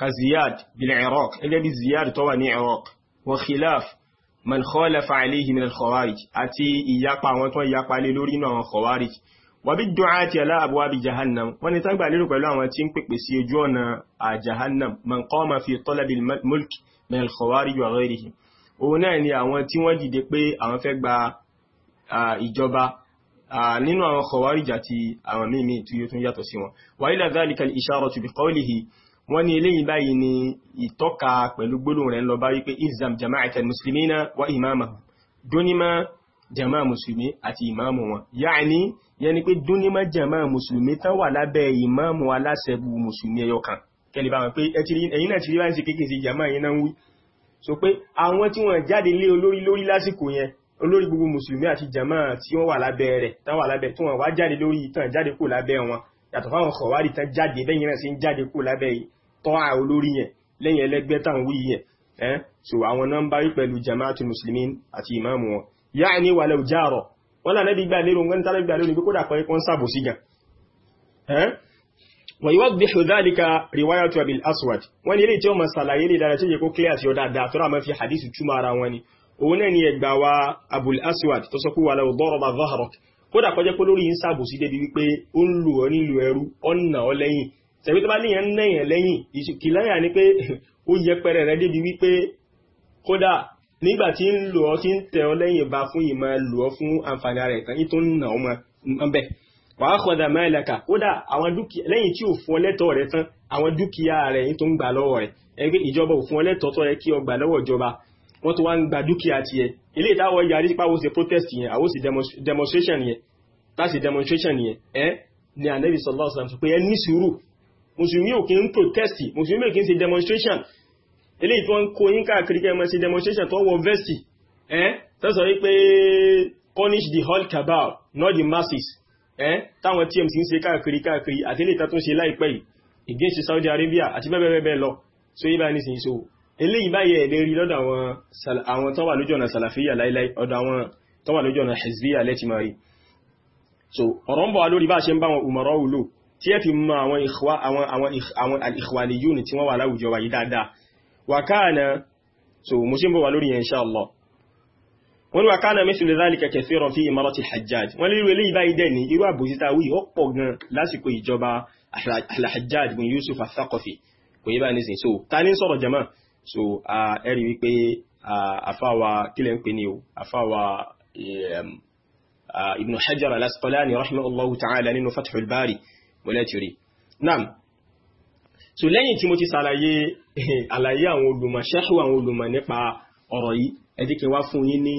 ka ziyad bil iraq gẹ́gẹ́ bí ziyad tó wà ní iraq wa khilaf man khalafa alayhi min al-khawarij àti ìyapa àwọn tó yapa lé lórí náà àwọn khawarij wa bid du'ati ala abwabi jahannam wọ́n ní tán lérò pẹ̀lú àwọn tí ń pèpè sí ojú ọ̀nà à jahannam man qama fi talabil mulk min al-khawarij wa ghayrihim òun náà ni àwọn tí wọ́n dìde pé àwọn fẹ́ gba ìjọba nínú àwọn khawarij àti àwọn mímí tí ó tún yàtọ̀ sí wọn wa ila dhalika al-isharatu bi qawlihi wọ́n ní eléyìí báyìí ni ìtọ́ka pẹ̀lú gbólóhùn rẹ̀ ń lọ bá wípé izam jama'at al-muslimina wa imamahum dúnímá jama'a musulmi àti imamu wọn ya'ni yẹni pé dúnímá jama'a musulmi tán wà lábẹ́ imamu aláṣẹ́bù musulmi ẹyọ kan kẹlẹ̀ wọn pé ẹ̀yìn náà ti rí báyìí sí kéèkéè sí jama'a yẹn náà wí so pé àwọn tí wọ́n jáde lé olórí lórí lásìkò yẹn olórí gbogbo mùsùlùmí àti jama tí wọ́n wà lábẹ́ rẹ̀ tán wà lábẹ́ tí wọ́n wá jáde lórí ìtàn jáde kó lábẹ́ wọn yàtọ̀ fáwọn kọ̀wárì tán jáde bẹ́yìn náà sí ń jáde kó lábẹ́ tán à olórí yẹn lẹ́yìn ẹlẹ́gbẹ́ tán wí yẹn ẹ́n so àwọn náà ń bá rí pẹ̀lú jama àti mùsùlùmí àti ìmáàmù wọn yá ni wà lẹ́wù jáàrọ̀ wọn lànà bí gbà lérò wọn tálẹ́ gbà lérò pé kódà kan ikọ́ ń sàbò sí gan ẹ́n wọ́n yíwọ́ bí ṣòdálíka riwaya tu abil aswad wọ́n ní ilé tí ó mọ̀ sàlàyé lè dára tí ó yẹ kó clear sí ọ tó rà mọ́ fi hadith túmọ̀ ara wọn ni òun náà ni ẹgbà wa abul aswad tó sọ pé wà láwù bọ́rọ̀ ma zahara kódà kọjá pé lórí ń sàbòsí débi wípé ó ń lù ọ nílùú ẹrú ọ̀nà ọ lẹ́yìn tẹ̀wé tó bá níyàn náyàn lẹ́yìn ìṣùkì ni pé <laughs> ó yẹpẹrẹ rẹ débi wípé kódà nígbà tí ń lù ọ tí ń tẹ ọ lẹ́yìn bá fún ìmọ̀ lù ọ fún àǹfààní ara ìtàn yìí tó ń nà tán ìjọba ò fún ọ lẹ́tọ̀ọ́ tó kí ọ lọ́wọ́ ìjọba wọ́n tó wá ń gba dúkìá ti ẹ̀ ilé ìtawọ̀ yarí sípá wọ́n protest yẹn àwọn sì demonstration yẹn láti demonstration yẹn ẹ́ ni ànábì sallallahu alaihi wasallam sọ pé ẹ ní sùúrù mùsùlùmí ò kí ń protest mùsùlùmí ò kí ń ṣe demonstration ilé ìtọ́ ń kó yín káàkiri kẹ́ mọ́ ṣe demonstration tó wọ vẹ́sì ẹ́ punish the whole cabal not the masses ẹ́ táwọn TMC ń ṣe káàkiri káàkiri àti ilé ìtọ́ tó against Saudi Arabia àti bẹ́ẹ̀ bẹ́ẹ̀ bẹ́ẹ̀ lọ so yí bá ní sin so eléyìí báyẹ̀ ẹ̀lẹ́ rí lọ́dọ̀ àwọn tó wà lójú ọ̀nà sàlàfíyà láíláí ọ̀dọ̀ àwọn tó wà lójú ọ̀nà hezbíyà lẹ́ti máa rí so ọ̀rọ̀ ń bọ̀ lórí bá ṣe ń bá wọn umarọ́ wùlò tí ẹ fi mọ àwọn al-ikhwaniyun tí wọ́n wà láwùjọ wà káàna so mo ṣe ń bọ̀ wà lórí insha Allah wọ́n wà káàna mithlu dhalika kathiran fi imarati al-Hajjaj wọ́n lérò eléyìí báyìí dẹ̀ ní irú àbòsíta wí ó pọ̀ gan lásìkò ìjọba so ta ní sọ̀rọ̀ so ẹ rí wípé àfáwà kílẹ̀ ń pè ní o àfáwà ibn hajar al-asqalani rahimahullahu ta'ala nínú fathul bari mọ́lẹ́tìrí naam so lẹ́yìn tí mo ti ṣàlàyé <laughs> àlàyé àwọn olùmọ̀ ṣẹ́hù àwọn olùmọ̀ nípa ọ̀rọ̀ yìí ẹ jẹ́ kí n wá fún yín ní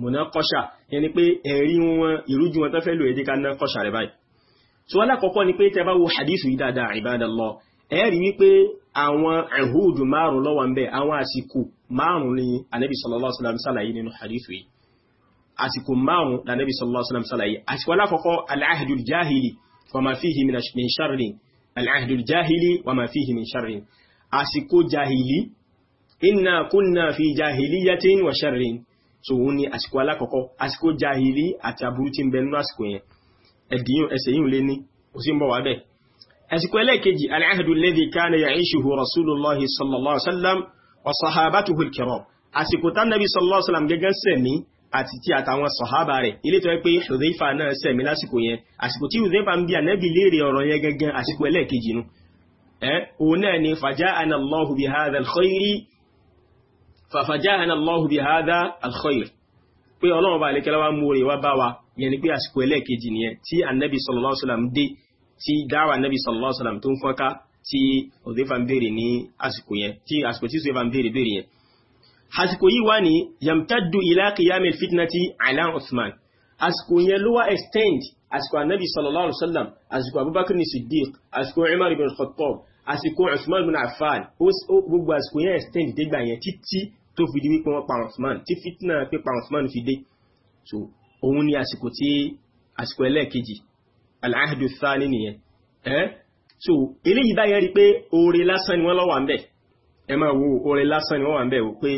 mọ̀nàkọ́ṣà yẹn ni pé ẹ̀rí wọn ìrújú tó fẹ́ lò ẹ jẹ́ kọ́ṣà rẹ̀ báyìí so alákọ̀ọ́kọ́ ni pé tẹ́ wo hadithu yìí dáadáa ibadallah ẹ̀rí wípé àwọn ẹ̀húdù márùn lọ́wọ́ ń bẹ àwọn àsìkò márùn ní anẹ́bí sallallahu alaihi wasallam sàlàyé nínú hadithu yìí àsìkò márùn lànẹ́bí sallallahu alaihi wasallam sàlàyé àsìkò alákọ̀ọ́kọ́ al-ahdul jahili wa ma fihi min sharri àsìkò ẹlẹ́ẹ̀kejì al-ahdu alladhi kana ya'ishuhu rasulullahi sallallahu alaihi wasallam wa sahabatuhu al-kiram àsìkò tán nàbí sallallahu alaihi wasallam gẹ́gẹ́ sẹ̀mí àti tí àtàwọn sọ̀hábà rẹ̀ ilé tó yẹ pé Hudhaifa náà sẹ̀mí lásìkò yẹn àsìkò tí Hudhaifa ń bí ànábì léèrè ọ̀rọ̀ yẹn gẹ́gẹ́ àsìkò ẹlẹ́ẹ̀kejì nu òun náà ni faja'ana Allahu bi hadha al-khayri faja'ana Allahu bi hadha al-khayri tí ànábì sallallahu alaihi dé tí dáwà nabi sallallahu alaihi wasallam tó ń fọ́nká tí òdífà ń béèrè ní àsìkò yẹn tí àsìkò tí òdífà ń béèrè béèrè yẹn àsìkò yìí wá ní yamtaddu ila qiyamil fitnati ala Uthman àsìkò yẹn ló wá extend àsìkò anabi sallallahu alaihi àsìkò Abubakar ni Siddiq àsìkò Umar ibn Khattab àsìkò Uthman ibn Affan gbogbo àsìkò yẹn extend dégbà yẹn títí tó fi di wípé wọ́n pa Uthman tí fitna pípa so òun ni àsìkò tí àsìkò al-ahdu thani nìyẹn ẹ́ so eléyìí báyẹn rí pé oore lásán ni wọ́n lọ́wọ́ à ń bẹ̀ ẹ máa wo oore lásán ni wọ́n wà ń bẹ̀ wò pé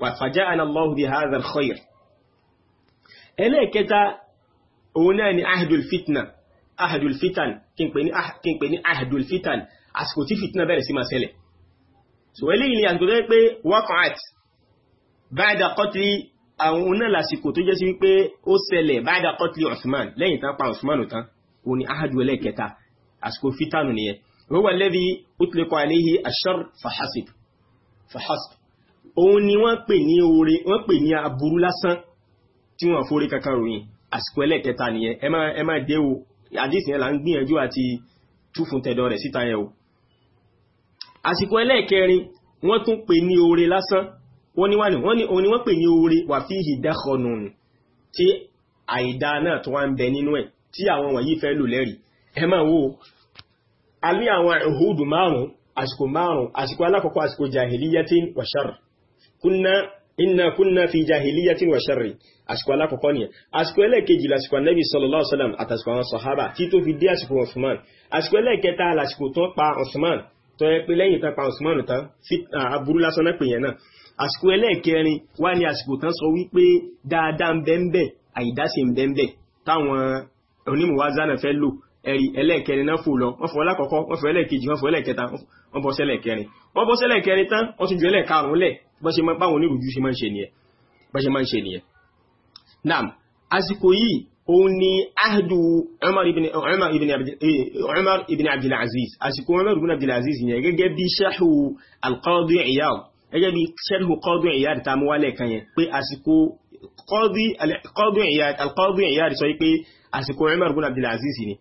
wa faja'ana Allahu bi hadha al-khayr ẹlẹ́ẹ̀kẹta òun náà ni ahdul fitna ahdul fitan kí n pè ní ah, ahdul fitan àsìkò tí fitna bẹ̀rẹ̀ sí máa ṣẹlẹ̀ so eléyìí ni àwọn náà tó jẹ́ sí wípé ó ṣẹlẹ̀ ba'da qatli Uthman lẹ́yìn tán pa Uthman tán òní ahadu ẹlẹ́kẹta àsìkò fitanu nìyẹn huwa alladhi utliqa alayhi ash-sharr fahasib fahasib òun ni wọ́n pè ní oore wọ́n pè ní aburú lásán tí wọ́n forí kankan ròyìn àsìkò ẹlẹ́kẹta nìyẹn ẹ má ẹ má dé o àdísìn ẹ̀là ń gbìyànjú àti túfún tẹ̀dọ̀ rẹ̀ síta yẹ̀ o àsìkò ẹlẹ́ẹ̀kẹrin wọ́n tún pè ní oore lásán wọ́n ní wọ́n pè ní oore wà fíhì dákọ̀nù tí àìdá náà tó wá ń bẹ nínú ẹ̀ tí àwọn wọ̀nyí fẹ́ lò lẹ́rìí ẹ máa wo a ní àwọn ìhúdù márùn-ún àsìkò márùn-ún àsìkò alákọ̀ọ́kọ́ àsìkò jahiliyatin wa sharr kunna inna kunna fi jahiliyatin wa sharri àsìkò alákọ̀ọ́kọ́ ni àsìkò ẹlẹ́ẹ̀kejì lásìkò anábì sallallahu alaihi wasallam àtàsìkò àwọn sahaba tí tó fi dé àsìkò Usman àsìkò ẹlẹ́ẹ̀kẹta lásìkò tó pa Usman tó yẹ pé lẹ́yìn tán pa Usman tán aburú lásán náà pè yẹn náà àsìkò ẹlẹ́ẹ̀kẹrin wá ní àsìkò tán sọ wípé dáadáa ń bẹ́ńbẹ́ àìdásí ń bẹ́ńbẹ́ táwọn onímùwázánà fẹ́ lò ẹ̀rí ẹlẹ́ẹ̀kẹrin náà fò lọ wọ́n fọ lákọ̀ọ́kọ́ wọ́n fọ ẹlẹ́ẹ̀kejì wọ́n fọ ẹlẹ́ẹ̀kẹta wọ́n bọ́ sẹ́lẹ̀kẹrin wọ́n bọ́ sẹ́lẹ̀kẹrin tán wọ́n tún ju ẹlẹ́ẹ̀karùn-ún lẹ̀ bọ́n ṣe báwọn onírùjú ṣe máa ń ṣe nìyẹn bọ́n ṣe máa ń ṣe nìyẹn. nam àsìkò yìí òun ni ahdu eh, Umar ibn Abdul Aziz àsìkò Umar ibn Abdul Aziz yẹn gẹ́gẹ́ bí sharhu al-Qadi Iyad gẹ́gẹ́ bí sharhu Qadi Iyad tá a mú wálẹ̀ kan yẹn pé àsìkò Al-Qadi Iyad sọ pé àsìkò Umar ibn Abdul Aziz ni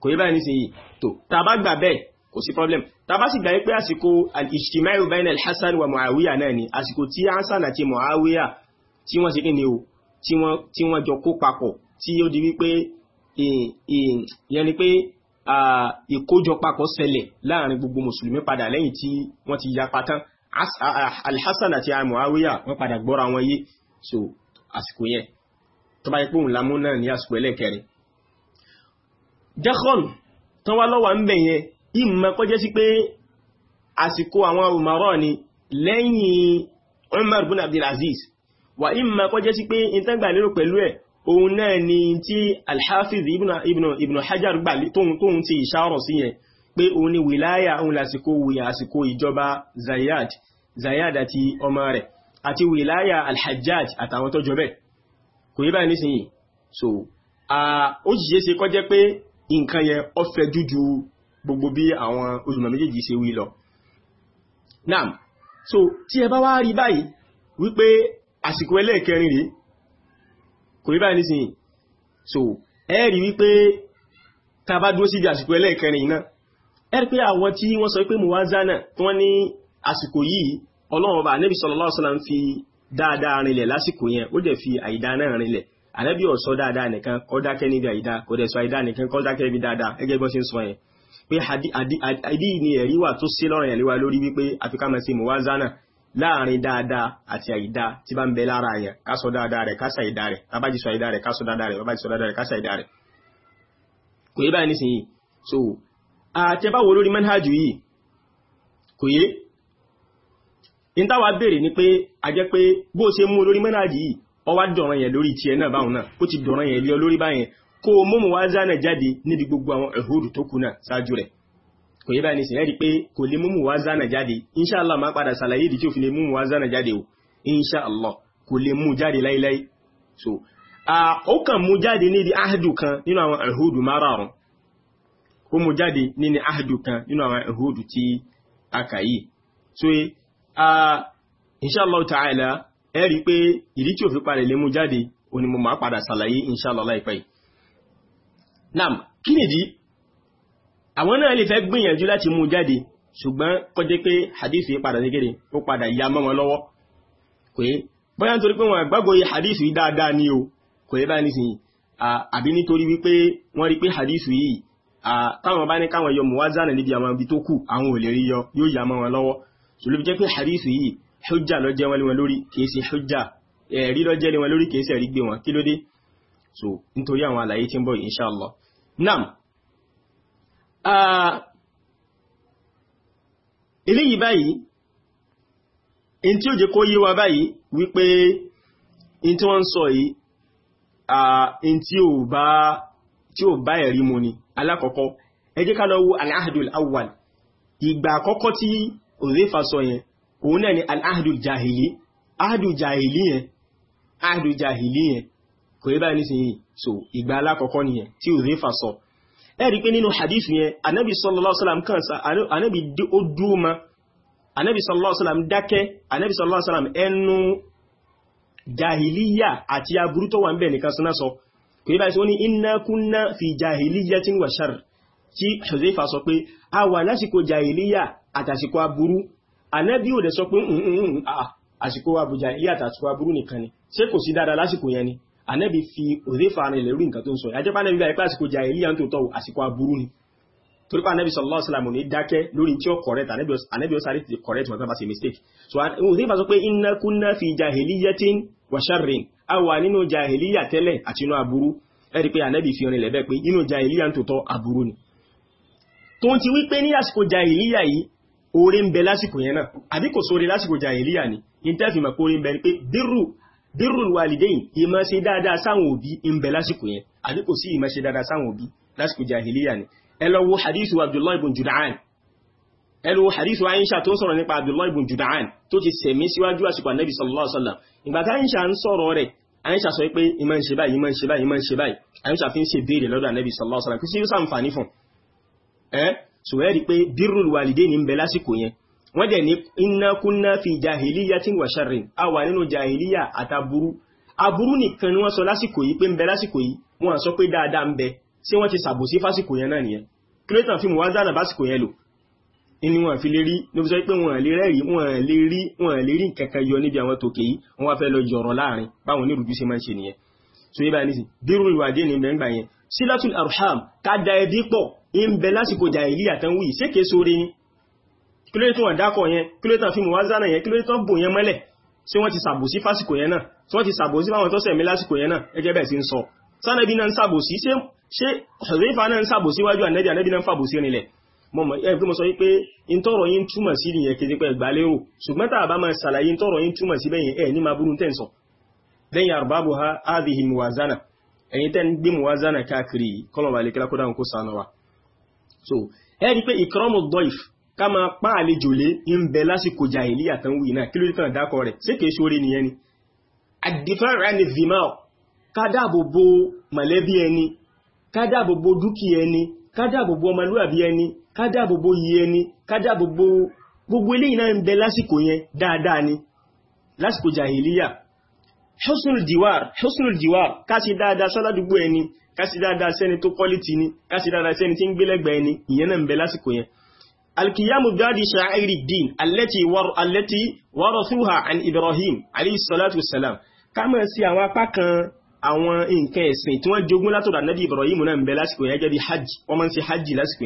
kò yí báyìí nísìnyí tó tàbá gbà bẹ́ẹ̀ kò sí problem tàbá sì gbà pé àsìkò al-ijtima'u bayna al-Hasan wa Muawiya náà ni àsìkò tí Hasan àti Muawiya tí wọ́n ṣe kí ni o tí wọ́n jọ kó papọ̀ tí ó di wípé ìyẹn ni pé ìkójọ papọ̀ ṣẹlẹ̀ láàrin gbogbo mùsùlùmí padà lẹ́yìn tí wọ́n ti yapa tán al-Hasan àti Muawiya gbọ́ra wọn yé so àsìkò yẹn tó bá yẹ pé òun lámú náà ní àsìkò ẹlẹ́kẹrin jẹ́kọ̀nù tán wá lọ́wà ń bẹ̀ yẹn ìmọ̀ kọ́ jẹ́ sí pé àsìkò àwọn òmàrọ̀ ni lẹ́yìn Umar bin Abdul Aziz wà ìmọ̀ kọ́ jẹ́ sí pé ìtẹ́gbà lérò pẹ̀lú ẹ̀ òun náà ni tí al Ibn Hajar gbà tóhun ti ìṣàrọ̀ sí yẹn pé òun ni wìláyà òun lásìkò wìyà àsìkò ìjọba Zayad Zayad àti ọmọ rẹ̀ àti wìláyà alhajjaj àtàwọn tó jọ bẹ́ẹ̀ kò yí báyìí nísìnyí so ó jìyẹ́ ṣe kọ́ jẹ́ pé nǹkan yẹn ó fẹ́ jújú gbogbo bí àwọn olùmọ̀ méjèèjì ṣe wí lọ naam so tí ẹ bá wá rí báyìí wípé àsìkò ẹlẹ́ẹ̀kẹrin rí kò yí báyìí nísìnyí so ẹ rí wípé tá a bá dúró síbi àsìkò ẹlẹ́ẹ̀kẹrin náà ẹ rí pé àwọn tí wọ́n sọ pé muwazana tí wọ́n ní àsìkò yìí ọlọ́run ọba ànábì sallallahu alaihi ń fi dáadáa rinlẹ̀ lásìkò yẹn ó dẹ̀ fi àìdá náà rinlẹ̀ ànábì ó sọ dáadáa nìkan kó dákẹ́ níbi àìdá kò dẹ̀ sọ àìdá nìkan kó dákẹ́ níbi dáadáa gẹ́gẹ́ bó ṣe ń sọ yẹn pé àdí ni ẹ̀rí wà tó sí lọ́rọ̀ yẹn léwa lórí wípé àfikàmọ̀ sí mùwázánà láàrin dáadáa àti àìdá tí bá ń bẹ lára yẹn ká sọ dáadáa rẹ̀ ká sọ àìdá rẹ̀ tábàjì sọ àìdá rẹ̀ ká sọ dáadáa rẹ̀ tábàjì sọ dáadáa rẹ̀ ká sọ àìdá kò yé báyìí nísìnyí so àtẹ́báwo lórí manhajù yìí kò yé in táwa béèrè ni pé a jẹ́ pé bó ṣe mú olórí mẹ́nàjì yìí ọwá dọ̀ràn yẹn lórí tiẹ̀ náà báwọn náà ó ti dọ̀ràn yẹn lé olórí báyẹn kó o mọ́mọ́ wá zánà jáde níbi gbogbo àwọn ẹ̀hóòdù tó kù náà ṣáájú rẹ̀ kò yẹ báyìí nìsín ẹ́rí pé kò lè mọ́mọ́ wá zánà jáde inṣàlá máa padà ṣàlàyé ìdí tí ò fi lè mọ́mọ́ wá zánà jáde o inṣàlá kò lè mú jáde láíláí so ó kàn mú jáde níbi áhàdù kan nínú àwọn ẹ̀hóòdù márààrún ó jáde áhàdù kan nínú àwọn ẹ̀hóòdù tí inshallah ta'ala ẹ rí pé ìdí tí ò fi parẹ̀ lè mú jáde òní mo máa padà sàlàyé inshallah láìpẹ́ nam kí nìdí àwọn náà lè fẹ́ gbìyànjú láti mú jáde ṣùgbọ́n kọjẹ́ pé hadithi padà nígẹ́rẹ́ ó padà ya mọ́ wọn lọ́wọ́ pé bóyá nítorí pé wọn àgbàgbọ́ yí hadithi yìí dáadáa ní o kò yẹ báyìí nísìnyí àbí nítorí wípé wọ́n rí pé hadithi yìí táwọn bá ní káwọn yọ muwazana níbi àwọn ibi tó kù àwọn ò lè rí yọ yóò ya mọ́ wọn lọ́wọ́ sùlù jẹ́ pé hadith yìí hujja ló jẹ́ wọn lórí kìí ṣe hujja ẹ̀rí ló jẹ́ wọn lórí kìí ṣe ẹ̀rí gbé wọn kí ló dé so nítorí àwọn àlàyé tí ń bọ̀ inshallah nam eléyìí báyìí in tí ó jẹ́ kó yé wa báyìí wípé in tí wọ́n ń sọ yìí in tí ò bá ẹ̀rí mu ni òzífà sọ yẹn òun náà ni al-ahdul jahili ahdul jahili yẹn ahdul jahili yẹn kò yẹ báyìí nísìnyí so ìgbà alákọ̀ọ́kọ́ nìyẹn tí òzífà sọ ẹ rí i pé nínú hadith yẹn anabi sallallahu alaihi wasallam kan sa anabi ó dúró ma anabi sallallahu alaihi wasallam dákẹ́ anabi sallallahu alaihi wasallam ẹnu jahiliya àti aburú tí Huzaifa sọ pé a wà lásìkò jahiliya àtàsìkò aburú Ànábì ò dẹ̀ sọ pé àsìkò abu ni ṣé kò sí dáadáa lásìkò yẹn ni Ànábì fi Huzaifa rìn lẹ́rú nǹkan tó ń sọ yìí ni torí pé sallallahu alaihi wasallam ní dákẹ́ lórí tí ó correct Ànábì ó sáré ti mistake so Huzaifa sọ pé inna kunna fi jahiliyatin wa sharrin a wà nínú jahiliya tẹ́lẹ̀ àti inú aburú ẹ̀rí pé Ànábì fi ni tó ń ti wípé ní àsìkò jàìlíyà yìí oore ń bẹ lásìkò yẹn náà àbí kò sóore lásìkò jàìlíyà ni ní tẹ́fì mọ̀ pé oore ń bẹ ni pé bírù bírù wàlìdẹ́yìn dáadáa sáwọn òbí ń bẹ lásìkò yẹn àbí kò sí ìmọ̀ dáadáa sáwọn òbí lásìkò jàìlíyà ni ẹ lọ wo hadith abdullahi ibn judahan ẹ lọ wo hadith aisha tó ń sọ̀rọ̀ nípa abdullahi ibn judahan tó ti sẹ̀mí síwájú àsìkò anabi sallallahu alaihi wasallam ìgbà tá aisha ń sọ̀rọ̀ rẹ̀ aisha sọ pé ìmọ̀ ń ṣe sallallahu alaihi wasallam kí sí ẹ́ so ẹ́ rí pé birrul walidaini ń bẹ lásìkò yẹn wọ́n kunna fi jahiliyatin wa sharrin a wà nínú jahiliya àtàbúrú aburú nìkan ni wọ́n sọ lásìkò yìí pé ń bẹ lásìkò yìí wọ́n sọ pé dáadáa ń bẹ ṣé wọ́n ti ṣàbòsí fásìkò yẹn náà nìyẹn kírétàn fíìmù wá dáná básìkò yẹn lò ni wọ́n fi lè rí ló fi sọ pé wọ́n lè so yíba nísìn bírú ìwádìí ní bẹ́ngbà yẹn sílátùl arham ká ń bẹ lásìkò jàìlì àtànwì ìṣẹ́kẹ́ sórí ní kílódétún àdákọ̀ yẹn kílódétún fi mùwázánà yẹn kílódétún bò yẹn mọ́lẹ̀ sí wọ́n ti sàbòsí fásìkò yẹn náà tí wọ́n ti sàbòsí fáwọn tó sẹ̀mí lásìkò yẹn náà ẹgẹ́ bẹ̀ sí ń sọ sánẹ́bí náà ń sàbòsí ṣé ṣèrífà náà ń sàbòsí wájú ànẹ́bí ànẹ́bí náà ń fàbòsí rinlẹ̀ mọ̀mọ̀ ẹ sí nìyẹn ha áàdìhì muwazana ẹ̀yin tẹ́ ń gbé muwazana káàkiri kọ́lọ̀ so ẹ̀rí pé ìkọ́mù dọ́ìf ká máa pa àlejò lé ń bẹ lásìkò jàìlì àtàwì náà kí ló dé tàn dákọ rẹ̀ sí kìí ṣoore nìyẹn ni àdìfẹ́rẹ́ ẹni vimao ká dáàbò bo mọ̀lẹ́bí ẹni ká dáàbò bo dúkìá ẹni ká dáàbò bo ọmọlúwàbí ẹni ká dáàbò bo yìí ẹni ká dáàbò bo gbogbo eléyìí husnul jiwar husnul jiwar ká ṣe dáadáa sọ́ládùúgbò ẹni ká ṣe dáadáa sẹ́ni tó quality ni ká ṣe dáadáa sẹ́ni tí ń gbélẹ́gbẹ̀ẹ́ ẹni ìyẹn náà bẹ lásìkò yẹn القيام بهذه شعائر الدين التي ور... التي ورثوها عن إبراهيم عليه الصلاة والسلام ká máa sí àwọn apá kan àwọn nǹkan ẹ̀sìn tí wọ́n jogún látọ̀dọ̀ ànábì Ibrahim náà ń bẹ lásìkò yẹn gẹ́gẹ́ bí hajj wọ́n máa ń ṣe hajj lásìkò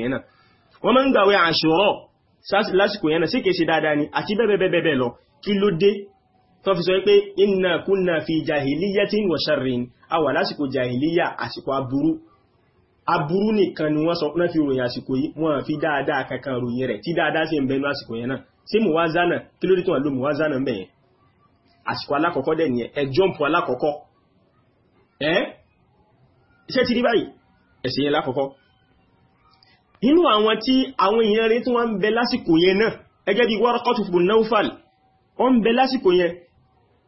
kí ló dé tó fi sọ pé inna kunna fi jahiliyatin wa sharrin a wà lásìkò jahiliya àsìkò aburú aburú nìkan ni wọ́n sọ náà fi ròyìn àsìkò yìí wọ́n fi dáadáa kankan ròyìn rẹ̀ tí dáadáa sì ń bẹnu àsìkò yẹn náà sí muwazana kí ló dé tó wà ló muwazana ń bẹ̀ yẹn àsìkò alákọ̀ọ́kọ́ dẹ̀ nìyẹn ẹ jọ́ǹpù alákọ̀ọ́kọ́ ẹ́ iṣẹ́ ti rí báyìí ẹ̀sìn yẹn lákọ̀ọ́kọ́ nínú àwọn tí àwọn èèyàn rẹ̀ tí wọ́n ń bẹ lásìkò yẹn náà ẹgẹ́ bí Warqatu bun Nawfal wọ́n ń bẹ lásìkò yẹn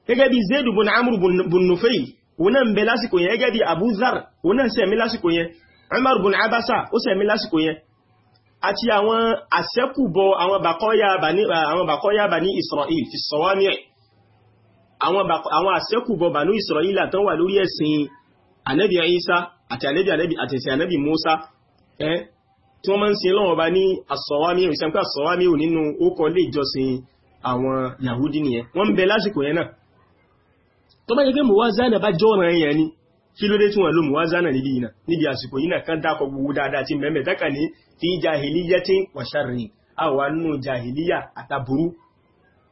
gẹ́gẹ́ bí zaidu bun amru bun nufayl òun náà ń bẹ lásìkò yẹn gẹ́gẹ́ bí abu zar òun náà ń sẹ̀mí lásìkò yẹn umar bun abasa ó sẹ̀mí lásìkò yẹn àti àwọn àṣẹ́kùbọ àwọn bàkọ́yà bani israel fi sọwámi àwọn àṣẹ́kùbọ bani israel àtàn wà lórí ẹ̀sìn anabi isa àti àtẹ̀sẹ̀ anabi musa tí wọ́n máa ń sin lọ́wọ́ bá ní àsọ̀wámi ìsẹ́mkà àsọ̀wámi ò nínú ó kọ lè jọsìn àwọn yahudi nìyẹn wọ́n ń bẹ lásìkò yẹn náà tó bá jẹ́ pé muwazana bá jọ́ ọ̀ràn yẹn ni kí ló dé tí wọ́n lo muwazana níbi yìí níbi àsìkò yìí kan dákọ̀ gbogbo dáadáa tí mẹ́mẹ́ dákà ní fi jahiliya tí wàṣàrì àwa nù jahiliya àtàbùrú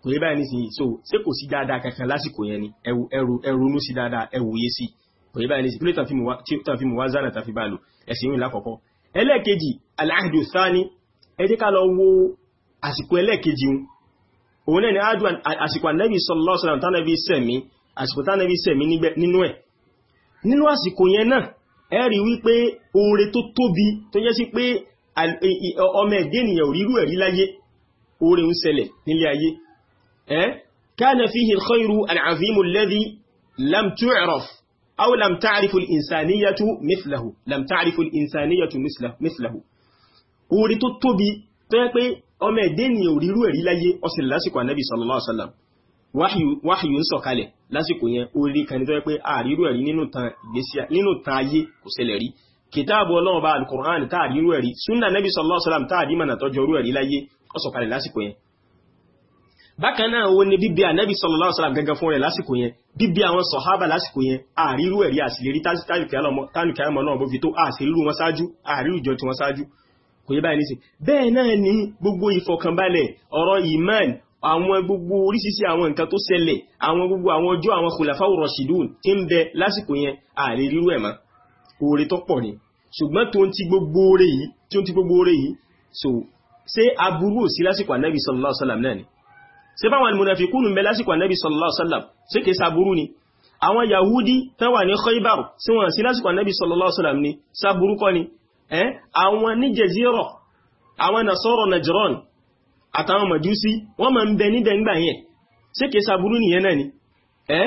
kò yẹ báyìí nísìnyí so ṣé kò sí dáadáa kankan lásìkò yẹn ni ẹrunú sí dáadáa ẹwòye sí kò yẹ báyìí nísìnyí kí ló tàn fi muwazana tàn fi bá lò ẹ̀sìn yìí lákọ̀ọ́kọ́ ẹlẹ́ẹ̀kejì aláàdù sáni ẹ jẹ́ ká lọ wo àsìkò ẹlẹ́ẹ̀kejì òun náà ni àsìkò ànábì sallallahu alaihi wasallam tánàbí sẹ̀mí àsìkò tánàbí sẹ̀mí nínú ẹ̀ nínú àsìkò yẹn náà ẹ rí wípé oore tó tóbi tó jẹ́ sí pé ọmọ ẹ̀dẹ́ ènìyàn òrírú ẹ̀rí láyé oore ń ṣẹlẹ̀ nílé ayé ẹ́ kana fihi al-khayru al-azimu alladhi lam tu'raf aw lam ta'rifu al-insaniyatu mithlahu lam wáhìyù ń sọ̀kalẹ̀ lásìkò yẹn orí kan ní tó yẹ pé àrírú ẹ̀rí nínú tan ayé kò ṣẹlẹ̀ rí kìtáàbù ọlọ́run bá alukur'an táàrírú ẹ̀rí súnà nẹ́bí sallallahu alaihi wasallam táàrí mọ̀nà tọ́jọ orú ẹ̀rí láyé ó sọ̀kalẹ̀ lásìkò yẹn bákan náà ó sallallahu alaihi wasallam gangan fún rẹ̀ lásìkò yẹn bíbí àwọn sọ̀hábà lásìkò yẹn àrírú ẹ̀rí àṣìlérí tánìkì àmọ́ náà bó fi tó àṣìlú wọn ṣáájú àrírú ìjọ kò yẹ báyìí nísìn bẹ́ẹ̀ náà ni gbogbo ìfọkànbalẹ̀ ọ̀rọ̀ iman àwọn gbogbo oríṣiríṣi àwọn nǹkan tó ṣẹlẹ̀ àwọn gbogbo àwọn ọjọ́ àwọn khulafau rashidun tí ń bẹ lásìkò yẹn ààrẹ rírú ẹ̀ mọ́ oore tó pọ̀ ni ṣùgbọ́n tó ń ti gbogbo oore yìí tí ó ń ti gbogbo oore yìí so ṣé aburú ò sí lásìkò ànábì sallallahu alaihi wasallam náà ni ṣé báwọn munafikun ń bẹ lásìkò ànábì sallallahu alaihi wasallam ṣé kìí ṣaburú ni àwọn yahudi tán wà ní khaybar tí wọ́n sí lásìkò ànábì sallallahu alaihi ni ṣaburú kọ́ ni àwọn ní jẹzírọ̀ àwọn nasọ́rọ̀ najran àtàwọn màjúsí wọ́n máa ń bẹ ní dẹ̀ngbà yẹn ṣé kìí ṣàbúrú nìyẹn náà ni ẹ́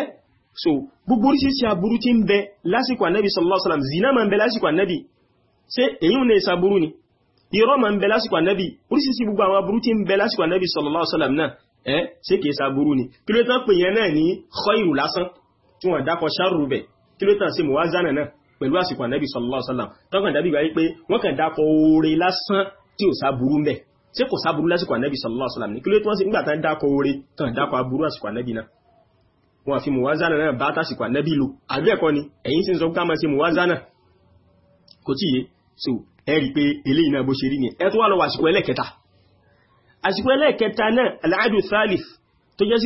so gbogbo oríṣiríṣi aburú tí ń bẹ lásìkò ànábì sallallahu alaihi zina máa ń bẹ lásìkò ànábì ṣé èyí ò ní ṣàbúrú ni irọ́ máa ń bẹ lásìkò ànábì oríṣiríṣi gbogbo àwọn aburú tí ń bẹ lásìkò ànábì sallallahu alaihi wasallam náà ẹ́ ṣé kìí ṣàbúrú ni kí ló tán pè yẹn náà ní khairu lásán tí wọ́n dákọ̀ ṣáàrù sallallahu alaihi wasallam tọ́kàn dàbí gbà yí ṣé kò sáburú lásìkò ànábì sallallahu alaihi wasallam ní kí ló tí wọ́n sì nígbà tán dákọ̀ na tán dákọ̀ aburú àsìkò ànábì náà wọ́n fi muwazana náà bá tásìkò ànábì lò àbí ni ẹ̀yin sì ń sọ ká máa ṣe muwazana kò tí yé so ẹ rí i pé eléyìí náà bó ṣe rí ni ẹ tó wà lọ́wọ́ àsìkò ẹlẹ́kẹta àsìkò ẹlẹ́kẹta náà aláàdù tó jẹ́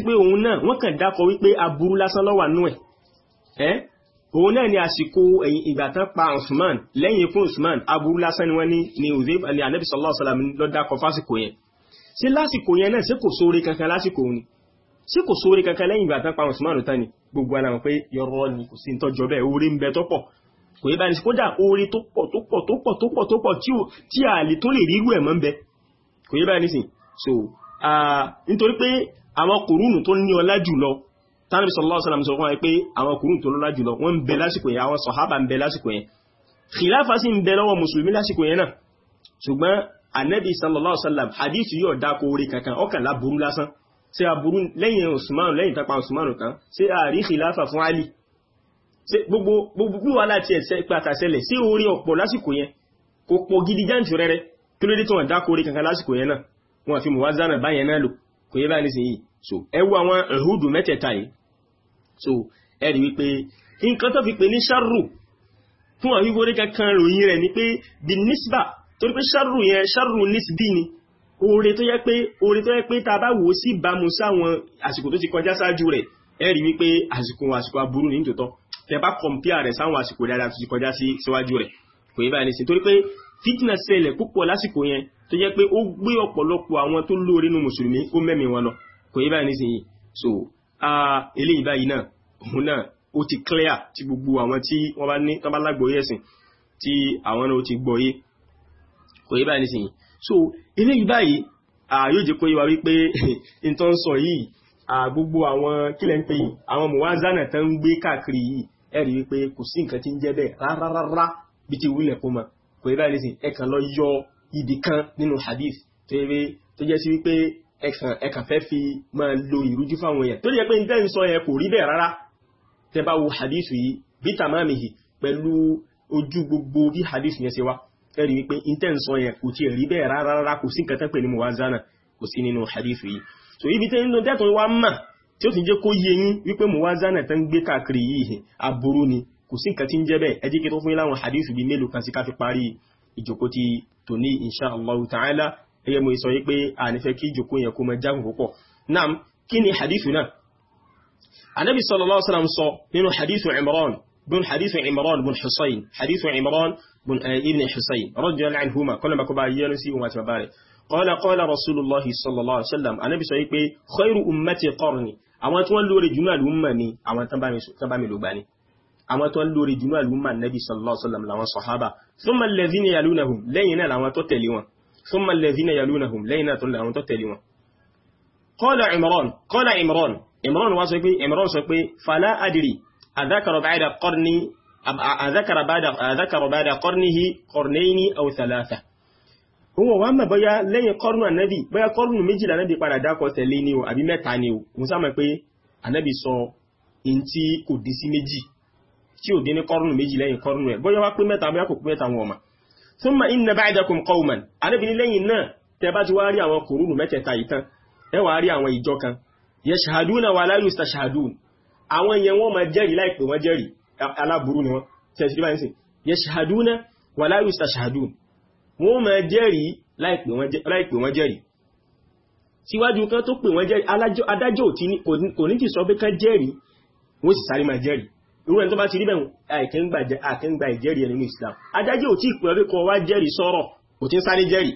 òun náà ni àsìkò ẹ̀yìn ìgbà tán pa Usman lẹ́yìn ikú Usman aburú lásán ni wọ́n ní ni uzeb ni anabi sallallahu alaihi wasallam ló dákọ fásìkò yẹn ṣé lásìkò yẹn náà ṣé kò sóore kankan lásìkò ni ṣé kò sóore kankan lẹ́yìn ìgbà tán pa Usman tán ni gbogbo ara wọn pé yọrọ ni kò sí ní tọ́jọ́ bẹ́ẹ̀ oore ń bẹ tó pọ̀ kò yẹ báyìí kódà oore tó pọ̀ tó pọ̀ tó pọ̀ tó pọ̀ tó pọ̀ tí a lè tó lè rírú ẹ̀ mọ́ ń bẹ kò yẹ báyìí so nítorí pé àwọn kòrónù tó ní ọlá jù tánàbí sallallahu alaihi wasallam sọ fún wa pé àwọn kùrùn tó lọ́lá jùlọ wọ́n ń bẹ khilafa sì ń bẹ lọ́wọ́ mùsùlùmí lásìkò yẹn náà ṣùgbọ́n anabi sallallahu alaihi wasallam hadith yóò dá kó orí kankan ọkàn láburú lásán ṣé aburú lẹ́yìn usman lẹ́yìn tapa usman kan ṣé àrí khilafa fún ali ṣé gbogbo gbogbo wà láti ẹ̀sẹ̀ pàtàṣẹlẹ̀ sí orí ọ̀pọ̀ lásìkò yẹn kò pọ̀ gidi jáǹtì rẹ̀rẹ̀ kí ló dé tí wọ́n dá kó orí kankan lásìkò yẹn náà wọ́n fi muwazana báyẹn náà lò so ẹ̀rí wípé nǹkan tó fi pè ní ṣarru fún àwọn wíwọlé kankan ròyìn rẹ̀ ni pé bí nísbà torí pé ṣarru yẹn ṣarru nísbí ni oore tó yẹ pé oore tó yẹ pé tá a bá wò ó sí ìbámu sáwọn àsìkò tó ti kọjá ṣáájú rẹ̀ ẹ̀rí wípé àsìkò àsìkò aburú ní tòótọ́ tẹ bá kọ̀mpíà rẹ̀ sáwọn àsìkò dáadáa tó ti kọjá sí síwájú rẹ̀ kò yẹ báyìí nísìn torí pé fitna ṣẹlẹ̀ púpọ̀ lásìkò yẹn tó jẹ́ pé ó gbé ọ̀pọ̀lọpọ̀ àwọn tó lóore nínú mùsùlùmí ó mẹ́mí wọn lọ kò yẹ báyìí nísìn yìí so eléyìí báyìí náà òun náà ó ti clear tí gbogbo àwọn tí wọ́n bá ní tán bá lágbòóyè ẹ̀sìn tí àwọn náà ó ti gbọ́yé kò yé báyìí nísìnyí so eléyìí báyìí yóò jẹ́ kó yé wa wípé <laughs> n tó ń sọ yìí gbogbo àwọn kílẹ̀ ń pè yìí àwọn mùwázánà tó ń gbé káàkiri yìí ẹ rí wípé kò sí nǹkan tí ń jẹ́ bẹ́ẹ̀ rárárárá bí ti wílẹ̀ kó mọ kò yé báyìí nísìnyí ẹ kàn lọ yọ ibì kan nínú hadith tó yẹ tó ẹ̀kàn fẹ́ fi máa lo ìrújú fáwọn èèyàn tó lè pé ǹdẹ́ ń sọ ẹ kò rí bẹ́ẹ̀ rárá tẹ́ bá wo hadithu yìí bí tàmáàmìhì pẹ̀lú ojú gbogbo bí hadithu yẹn ṣe wá ẹ̀rí wípé ǹdẹ́ ń sọ ẹ kò tí rí bẹ́ẹ̀ rárá rárá kò sí nǹkan tán ní muwazana kò sí nínú hadithu yìí so ibi tẹ́ nínú dẹ́tọ̀ wá mà tí ó fi jẹ́ kó yé yín wípé muwazana tán gbé káàkiri yìí aburú ni kò sí nǹkan tí ń jẹ́ bẹ́ẹ̀ ẹ kí tó fún yín láwọn hadithu bíi mélòó kan sí ká fi parí ìjókòó ti tòní insha ta'ala ẹyẹ mo sọ yìí pé a nífẹ́ kí ìjòkó yẹn kó mọ jágùn púpọ̀ nam kí ni hadithu náà anabi sallallahu alaihi wasallam sọ nínú hadithu imran bin hadithu imran bin husayn hadithu imran bin eh, ibn husayn radiyallahu anhuma kọ́lọ̀ bá kọ́ bá yẹ́nu sí ìwọ̀n àti bàbá rẹ̀ qala qala rasulullah sallallahu alaihi wasallam anabi sọ yìí pé khairu ummati qarni àwọn tí wọ́n lóore jùlọ àlùmọ̀ ni àwọn tán bá mi lò gbani tó ń lórí jùlọ àlùmọ̀ nẹ́bí sallallahu alaihi wasallam làwọn sọ̀hábà thumma alladhina lẹ́yìn náà làwọn tó tẹ̀lé wọn thumma alladhina yalunahum lẹ́yìn náà tó lè àwọn tó tẹ̀lé wọn qala imran qala imran imran wá sọ pé imran sọ pé fala adri adhakara ba'da qarni adhakara ba'da adhakara ba'da qarnihi qarnayni aw thalatha òun wà mọ̀ bọ́yá lẹ́yìn kọ́rùn ànábì bọ́yá kọ́rùn méjìlá ànábì padà dákọ̀ tẹ̀lé ní o àbí mẹ́ta ni o mo sá mọ̀ pé ànábì sọ in tí kò dín sí méjì tí ò dín ní kọ́rùn méjì lẹ́yìn kọ́rùn rẹ̀ bọ́yá wá pé mẹ́ta bọ́yá kò pé mẹ́ta wọn ọ̀mà thumma inna ba'dakum qauman Ànábì ní lẹ́yìn náà tẹ́ bá ti wá rí àwọn kòrónù mẹ́tẹ̀ẹ̀ta yìí tán ẹ wá rí àwọn ìjọ kan yashhaduna wa la yustashhadun àwọn yẹn wọ́n máa jẹ́rìí láìpẹ́ wọ́n jẹ́rìí aláburú ni wọ́n tẹ̀sílẹ̀ báyìí sìn yashhaduna wa la yustashhadun wọ́n máa irú ẹni tó bá ti rí bẹ̀rún àkẹ́ngbà ìjẹ́rìí ẹni nínú Islam adájẹ́ ò tí ì pẹ̀lú kan wá jẹ́rìí sọ́rọ̀ kò tí ń sáré jẹ́rìí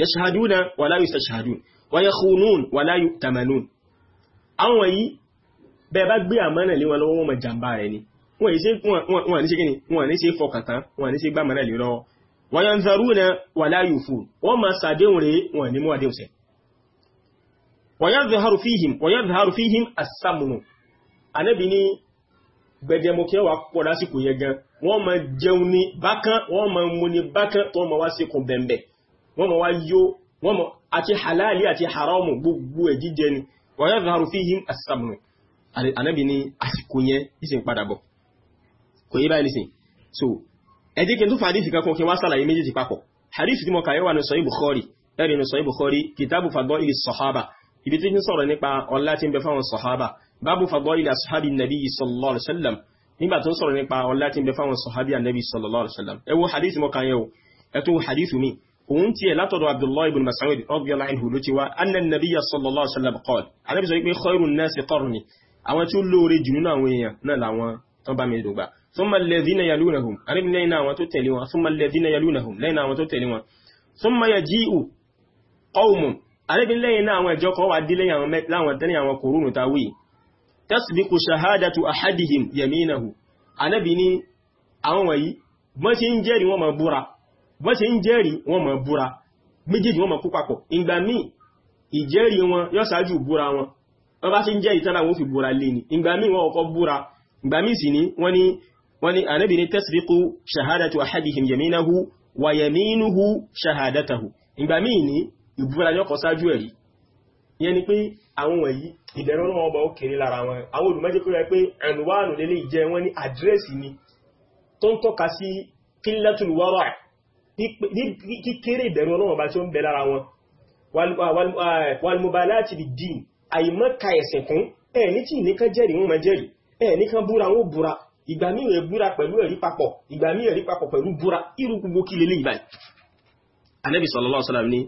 yashhaduna wala yustashhadun wa yakhunun wala yutamanun àwọn yìí bẹ́ẹ̀ bá gbé àmánà lé wọn lọ́wọ́ wọn mọ̀ jàmbá rẹ̀ ni wọ́n ní ṣe kíni wọ́n ní ṣe fọkàntán wọ́n ní ṣe gbá àmánà lé gbẹdẹmọkẹ́ wà pọ̀ lásìkò yẹn gan wọ́n máa jẹun ní bákan wọ́n máa mu ní bákan tó máa wá síkùn bẹ̀m̀bẹ̀ wọ́n máa wá yó wọ́n máa àti halali àti haramu gbogbo ẹ̀ jíjẹ ni wa yadharu fihim as-samnu ànábì ní àsìkò yẹn ìsìn padà bọ̀ kò yí báyìí nísìn so ẹ̀dí kí n tó fa àdífì kankan kí wá sàlàyé méjèèjì papọ̀ àdífì tí mo kà yẹ́wà ní sọ ibùkọ́rì ẹ̀rì ní sọ ibùkọ́rì kìtàbù fàgbọ́ ilì sọ̀hábà ibi tí ń sọ̀rọ̀ nípa ọlá tí ń bẹ fáwọn sọ̀hábà bábù fàbọ́ìlì ashabi nàbí sallallahu alaihi wasallam nígbà tó ń sọ̀rọ̀ nípa ọlá tí ń bẹ fáwọn sahabi ànàbí sallallahu alaihi wasallam ẹ wo hadith mọ́ kan yẹ o ẹ tó hadith mi òun tiẹ̀ látọ̀dọ̀ abdullahi ibn mas'ud radiyallahu anhu ló ti wá anna nabiyya sallallahu alaihi wasallam qala ànàbí sọ pé khairun nasi qarni àwọn tí ó lóore jù nínú àwọn èèyàn náà làwọn tó bá mi dògbà thumma alladhina yalunahum ànàbí lẹ́yìn àwọn tó tẹ̀lé wọn thumma alladhina yalunahum lẹ́yìn àwọn tasbiqu shahadatu ahadihim yaminahu anábì ní àwọn wọ̀nyí bọ́n ṣe ń jẹ́rìí wọ́n máa búra bọ́n ṣe ń jẹ́rìí wọ́n máa búra méjèèjì wọ́n máa kó papọ̀ ìgbà míì ìjẹ́rìí wọn yóò ṣáájú búra wọn wọ́n bá ṣe ń jẹ́rìí tán àwọn ó fi búra lé ní ìgbà míì wọ́n kọ́kọ́ búra ìgbà míì sì ní wọ́n ní wọ́n ní anábì ní shahadatu ahadihim yaminahu wa yaminuhu shahadatahu ìgbà míì ní ìbúra yóò kọ́ ṣáájú ẹ̀rí ìyẹn ni pé àwọn wọ̀nyí ìbẹ̀rù ọlọ́wọ́ ọba ó kéré lára wọn àwọn olùmọ́jẹ́ pé pé ẹnùwáànù lélẹ́ ìjẹ́ wọn ní àdírẹ́sì ni tó ń tọ́ka sí kílẹ̀tùlù wárà kíkéré ìbẹ̀rù ọlọ́wọ́ ọba tí ó ń bẹ lára wọn wàlùmọ̀bà eh, láti bí dín àìmọ́ka ẹ̀sìn kún ẹ̀ ní tí nìkan jẹ́rìí wọn máa jẹ́rìí ẹ̀ nìkan búra wọn búra ìgbà míì rẹ̀ búra pẹ̀lú ẹ̀rí papọ̀ ìgbà míì ẹ̀rí papọ̀ pẹ̀lú búra irú gbogbo kí lélẹ́ ìbáyìí anabi sallallahu alaihi wasallam ní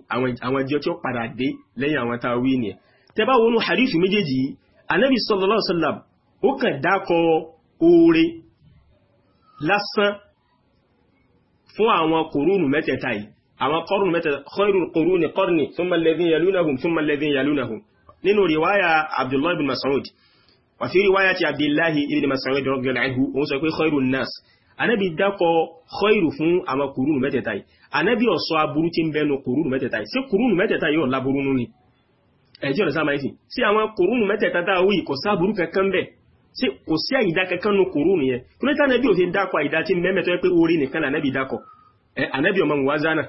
àwọn ìjọ tí ó padà dé lẹ́yìn àwọn tá a wí ni tẹ́ bá wọnú hadith méjèèjì yìí anabi sallallahu alaihi wasallam ó kàn dákọ oore lásán fún àwọn kòrónù mẹ́tẹ̀ẹ̀ta yìí àwọn kọ́rùn mẹ́tẹ̀ẹ̀ta khairul quruni qarni thumma alladhina yalunahum thumma alladhina yalunahum nínú riwaya abdullahi ibn mas'ud wà fi riwaya ti abdullahi ibn mas'ud radiyallahu anhu òun sọ pé khairun nas anabi dákọ khairu fún àwọn kùrúnù mẹ́tẹ̀ẹ̀ta yìí anabi ọ̀sọ́ aburú tí ń bẹnu kùrúnù mẹ́tẹ̀ẹ̀ta yìí sí kùrúnù mẹ́tẹ̀ẹ̀ta yóò laburú nú ni ẹjọ́ rẹ̀ sáà máa ń sìn sí àwọn kùrúnù mẹ́tẹ̀ẹ̀ta tá a wí kò sáburú kankan bẹ́ẹ̀ sí kò sí àyídá kankan nu kùrúnù yẹn kúrẹ́ tá anabi ò fi dákọ àyídá tí mẹ́mẹ́tọ́ pé orí nìkan anabi anabi ọmọ muwazana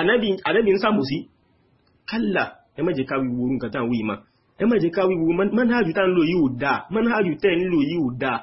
anabi ń sàmùsí kálà ẹ má jẹ́ ká wíwo orú nǹkan tá à ń wí ma ẹ má jẹ́ ká wíwo manhajù tá à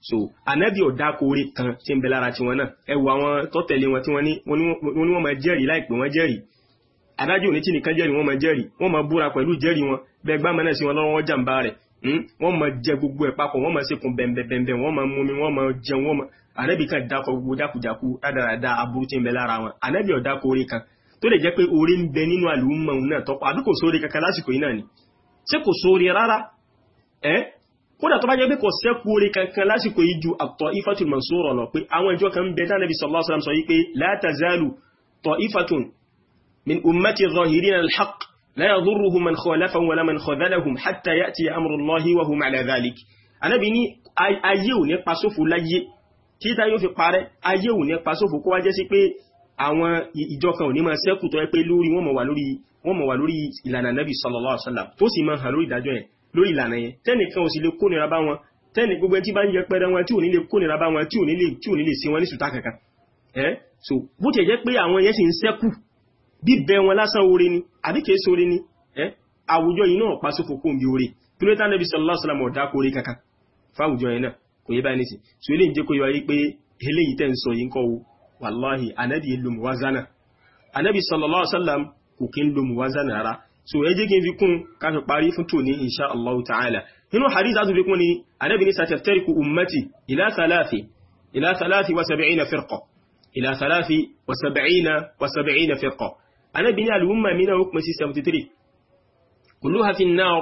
so anabi ò dáko orí kan tí ń bẹ lára tiwọn náà ẹ wo àwọn tó tẹ̀lé wọn tí wọ́n ní wọ́n ní wọ́n máa jẹ́rìí láìpẹ́ wọ́n jẹ́rìí adájọ́ òní tí nìkan jẹ́rìí wọ́n máa jẹ́rìí wọ́n máa búra pẹ̀lú jẹ́rìí wọn bẹ́ẹ̀ gbá mọ́nà sí wọn lọ́wọ́ wọ́n jàǹbá rẹ̀ hmm? wọ́n máa jẹ gbogbo ẹ̀ papọ̀ wọ́n máa sekun bẹ̀m̀bẹ̀m̀bẹ̀ wọ́n máa mumi wọ́n máa jẹun wọ́n máa anabi kan dáko gbogbo jákujàku rádaràda aburú tí ń bẹ lára wọn anabi ò dáko orí kan tó lè jẹ́ pé orí ń bẹ nínú àlùmọ̀ òun náà tọ́pọ̀ àbí kò sóore kankan lásìkò yìí náà ni ṣé kò sóore rárá ẹ́ kódà tó bá jẹ́ pé kò sẹ́kù orí kankan lásìkò yìí ju at-ta'ifatul mansura lọ pé àwọn ìjọ kan bẹ tánàbí sallallahu alaihi wasallam sọ yí pé la tazalu ta'ifatun min ummati zahirina al-haqq la yadhurruhum man khalafahum wala man khadhalahum hatta ya'ti amrullahi wa hum ala dhalik anábi ní ayé ò ní pa sófò láyé títà yóò fi parẹ́ ayé ò ní pa sófò kó wá jẹ́ sí pé àwọn ìjọ kan ò ní máa sẹ́kù mọ̀ sallallahu alaihi wasallam tó sì máa hàn lórí ìdájọ́ lórí ìlànà yẹn tẹ́nìkan ò sì lè kónira bá wọn tẹ́nì gbogbo ẹni tí bá ń yẹ pẹ́rẹ́ wọn tí ò ní lè kónira bá wọn tí ò ní lè tí ò ní lè ṣe wọn so bó tiẹ̀ jẹ́ pé àwọn yẹn sì ń sẹ́kù bíbẹ wọn lásán oore ni àbí kìí sóore ni ẹ́ àwùjọ yìí náà pa sófo kóńbi oore kí ló tán Nabi sallallahu alaihi wasallam ọ̀dà kóore so eléyìí so ẹ jẹ́ kí n fi kún káfí parí fún tòní insha Allah ta'ala nínú hadith láti fi kún ni Ànábì ní sataftariqu ummati ila salasi ila salasi wa sab'ina firqa ila salasi wa sab'ina wa sab'ina firqa Ànábì ní al'umma mi náà ó pín sí 73 kulluha fin nar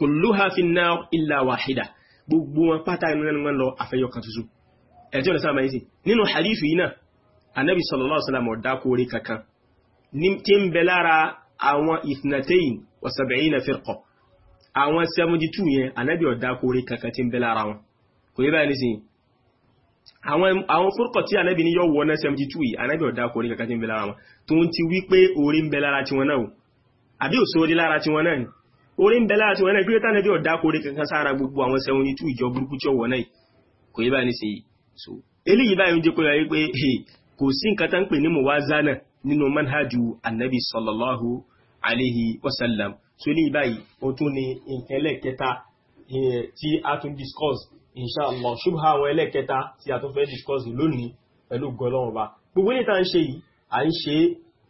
kulluha fin nar illa wahida gbogbo wọn pátá ìrìnrìn wọn lọ àfẹ́yọ kan tuntun ẹjọ́ ìrìnsáà tí ń bẹ lára àwọn ìsìnàtẹ́yìn wọ̀sàbẹ̀yìn na fẹ́rkọ̀ àwọn 72 yẹn anábì ọ̀dá kórí kankan tí ń bẹ lára wọn kò yí báyìí nísìnyí àwọn fúrkọ̀ tí anábì ní yọ wọ náà 72 yìí anábì ọ̀dá kórí kankan tí ń bẹ lára wọn tó ń ti wí pé orí ń bẹ so eléyìí báyìí ń jẹ́ pé kò sí nínú manhajú annabi sallallahu alaihi wasallam so ní báyìí ó tún ní nǹkan ẹlẹ́kẹta tí a tún discuss inshallah ṣubha àwọn ẹlẹ́kẹta tí a tún fẹ́ discuss lónìí pẹ̀lú gọlọ́wọ́ bá gbogbo ní ta ń ṣe yìí a ń ṣe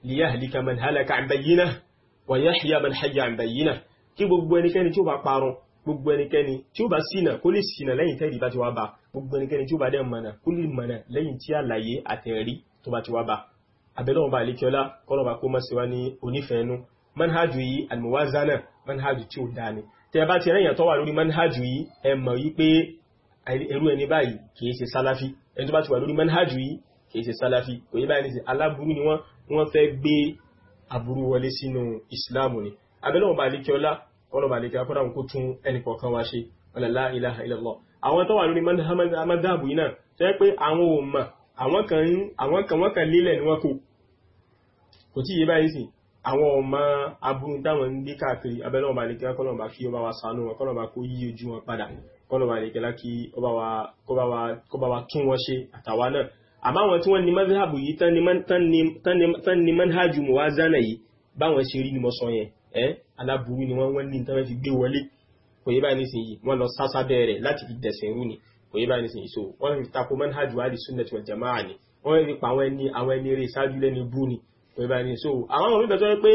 liyahlika man halaka an bayyinah wa yahya man hayya an bayyinah kí gbogbo ẹnikẹ́ni tí ó bá parun gbogbo ẹnikẹ́ni tí ó bá ṣìnà kó lè ṣìnà lẹ́yìn tẹ́rì bá ti wá bá gbogbo ẹnikẹ́ni tí ó bá dẹ̀ mọ̀nà kó lè mọ̀nà lẹ́yìn tí àlàyé àtẹ̀rí tó bá ti wá bá abẹ́lọ́wọ́n bá alékiọlá kọ́lọ̀bá kó mọ́ sí wá ní onífẹ́ẹ̀nú manhajù yìí almuwazana manhajù tí ó dáni tẹ́ bá ti rẹ̀yàn tó wà lórí manhajù yìí ẹ mọ̀ yí pé ẹrú ẹni báyìí kìí ṣe sálàfí ẹni tó bá ti wà lórí manhajù yìí kìí ṣe sálàfí kò yí báyìí ṣe aláburú ni wọ́n ilaha illallah àwọn tó wà lórí manhajù yìí náà tẹ́ pé àwọn ò mọ̀ àwọn kan wọ́n kan lílẹ̀ ni wọ́n kò kò tí yé báyìí sí àwọn ọmọ aburú táwọn ń gbé káàkiri abẹ́lẹ́ ọba àlekẹ́lá kọ́lọ̀ bá kí ọba wa sànú wọn kọ́lọ̀ bá kó yí ojú wọn padà kọ́lọ̀ bá àlekẹ́lá kí ọba wa kọ́ba wa tún wọn ṣe àtàwa náà àmọ́ àwọn tí wọ́n ní mazhabu yìí tán ní manhajú muwazana yìí báwọn ṣe rí ni mo sọ yẹn ẹ́ aláburú ni wọ́n wọ́n ní tán fi gbé wọlé kò yé báyìí nísìnyí wọ́n lọ sásá bẹ́ẹ̀rẹ̀ láti fi dẹ̀sìn rú ni kò yé báyìí nísìnyí so wọ́n fi tako manhajú ahli sunnati wal jamaa ni wọ́n fi pa àwọn ẹni àwọn ẹni eré ìṣáájú lẹ́ni bú ni ìbá ni so àwọn ọmọ ìbẹ̀tọ́ pé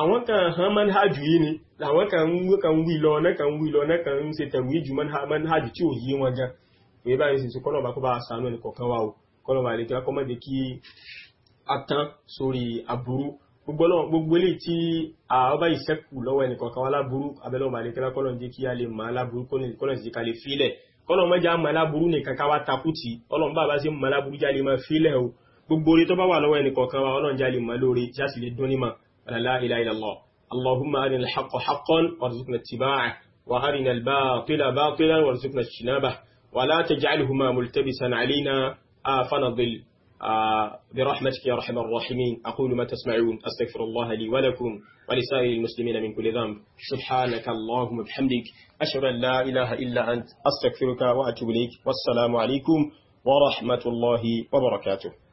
àwọn kan hàn manhajù yìí ni làwọn kan ń wí lọ náà kan ń wí lọ náà kan ń ṣe tẹ̀wé ju manhajù tí ò yé wọn gan ìbá ni sì so kọ́nà bá kó bá sànú ẹnì kọ̀ọ̀kan wa o kọ́nà bá lè kí wọ́n mọ̀dé kí a tán sórí aburú gbogbo ilé tí ọba ìṣẹ́kù lọ́wọ́ ẹnì kọ̀ọ̀kan wa láburú abẹ́lẹ́ ọba lè kí wọ́n jẹ́ kí a lè mọ̀ láburú kọ́nà sì ká gbogbo orí tó bá wà lọ́wọ́ ẹnìkọ̀ọ̀kan wa ọlọ́run jáde mọ́ lórí jáde lè dún nímọ̀ la ilaha illallah allahumma arina al-haqqa haqqan warzuqna ittiba'ah wa arina albatila batila batilan warzuqna ijtinabah wa la taj'alhuma multabisan alayna rahimin aqulu ma tasma'un الراحمين li wa lakum wa li لي ولكم min kulli dhanb subhanaka allahumma bihamdik ashhadu an la ilaha illa ant astaghfiruka wa atubu وأتوب wassalamu والسلام wa rahmatullahi wa barakatuh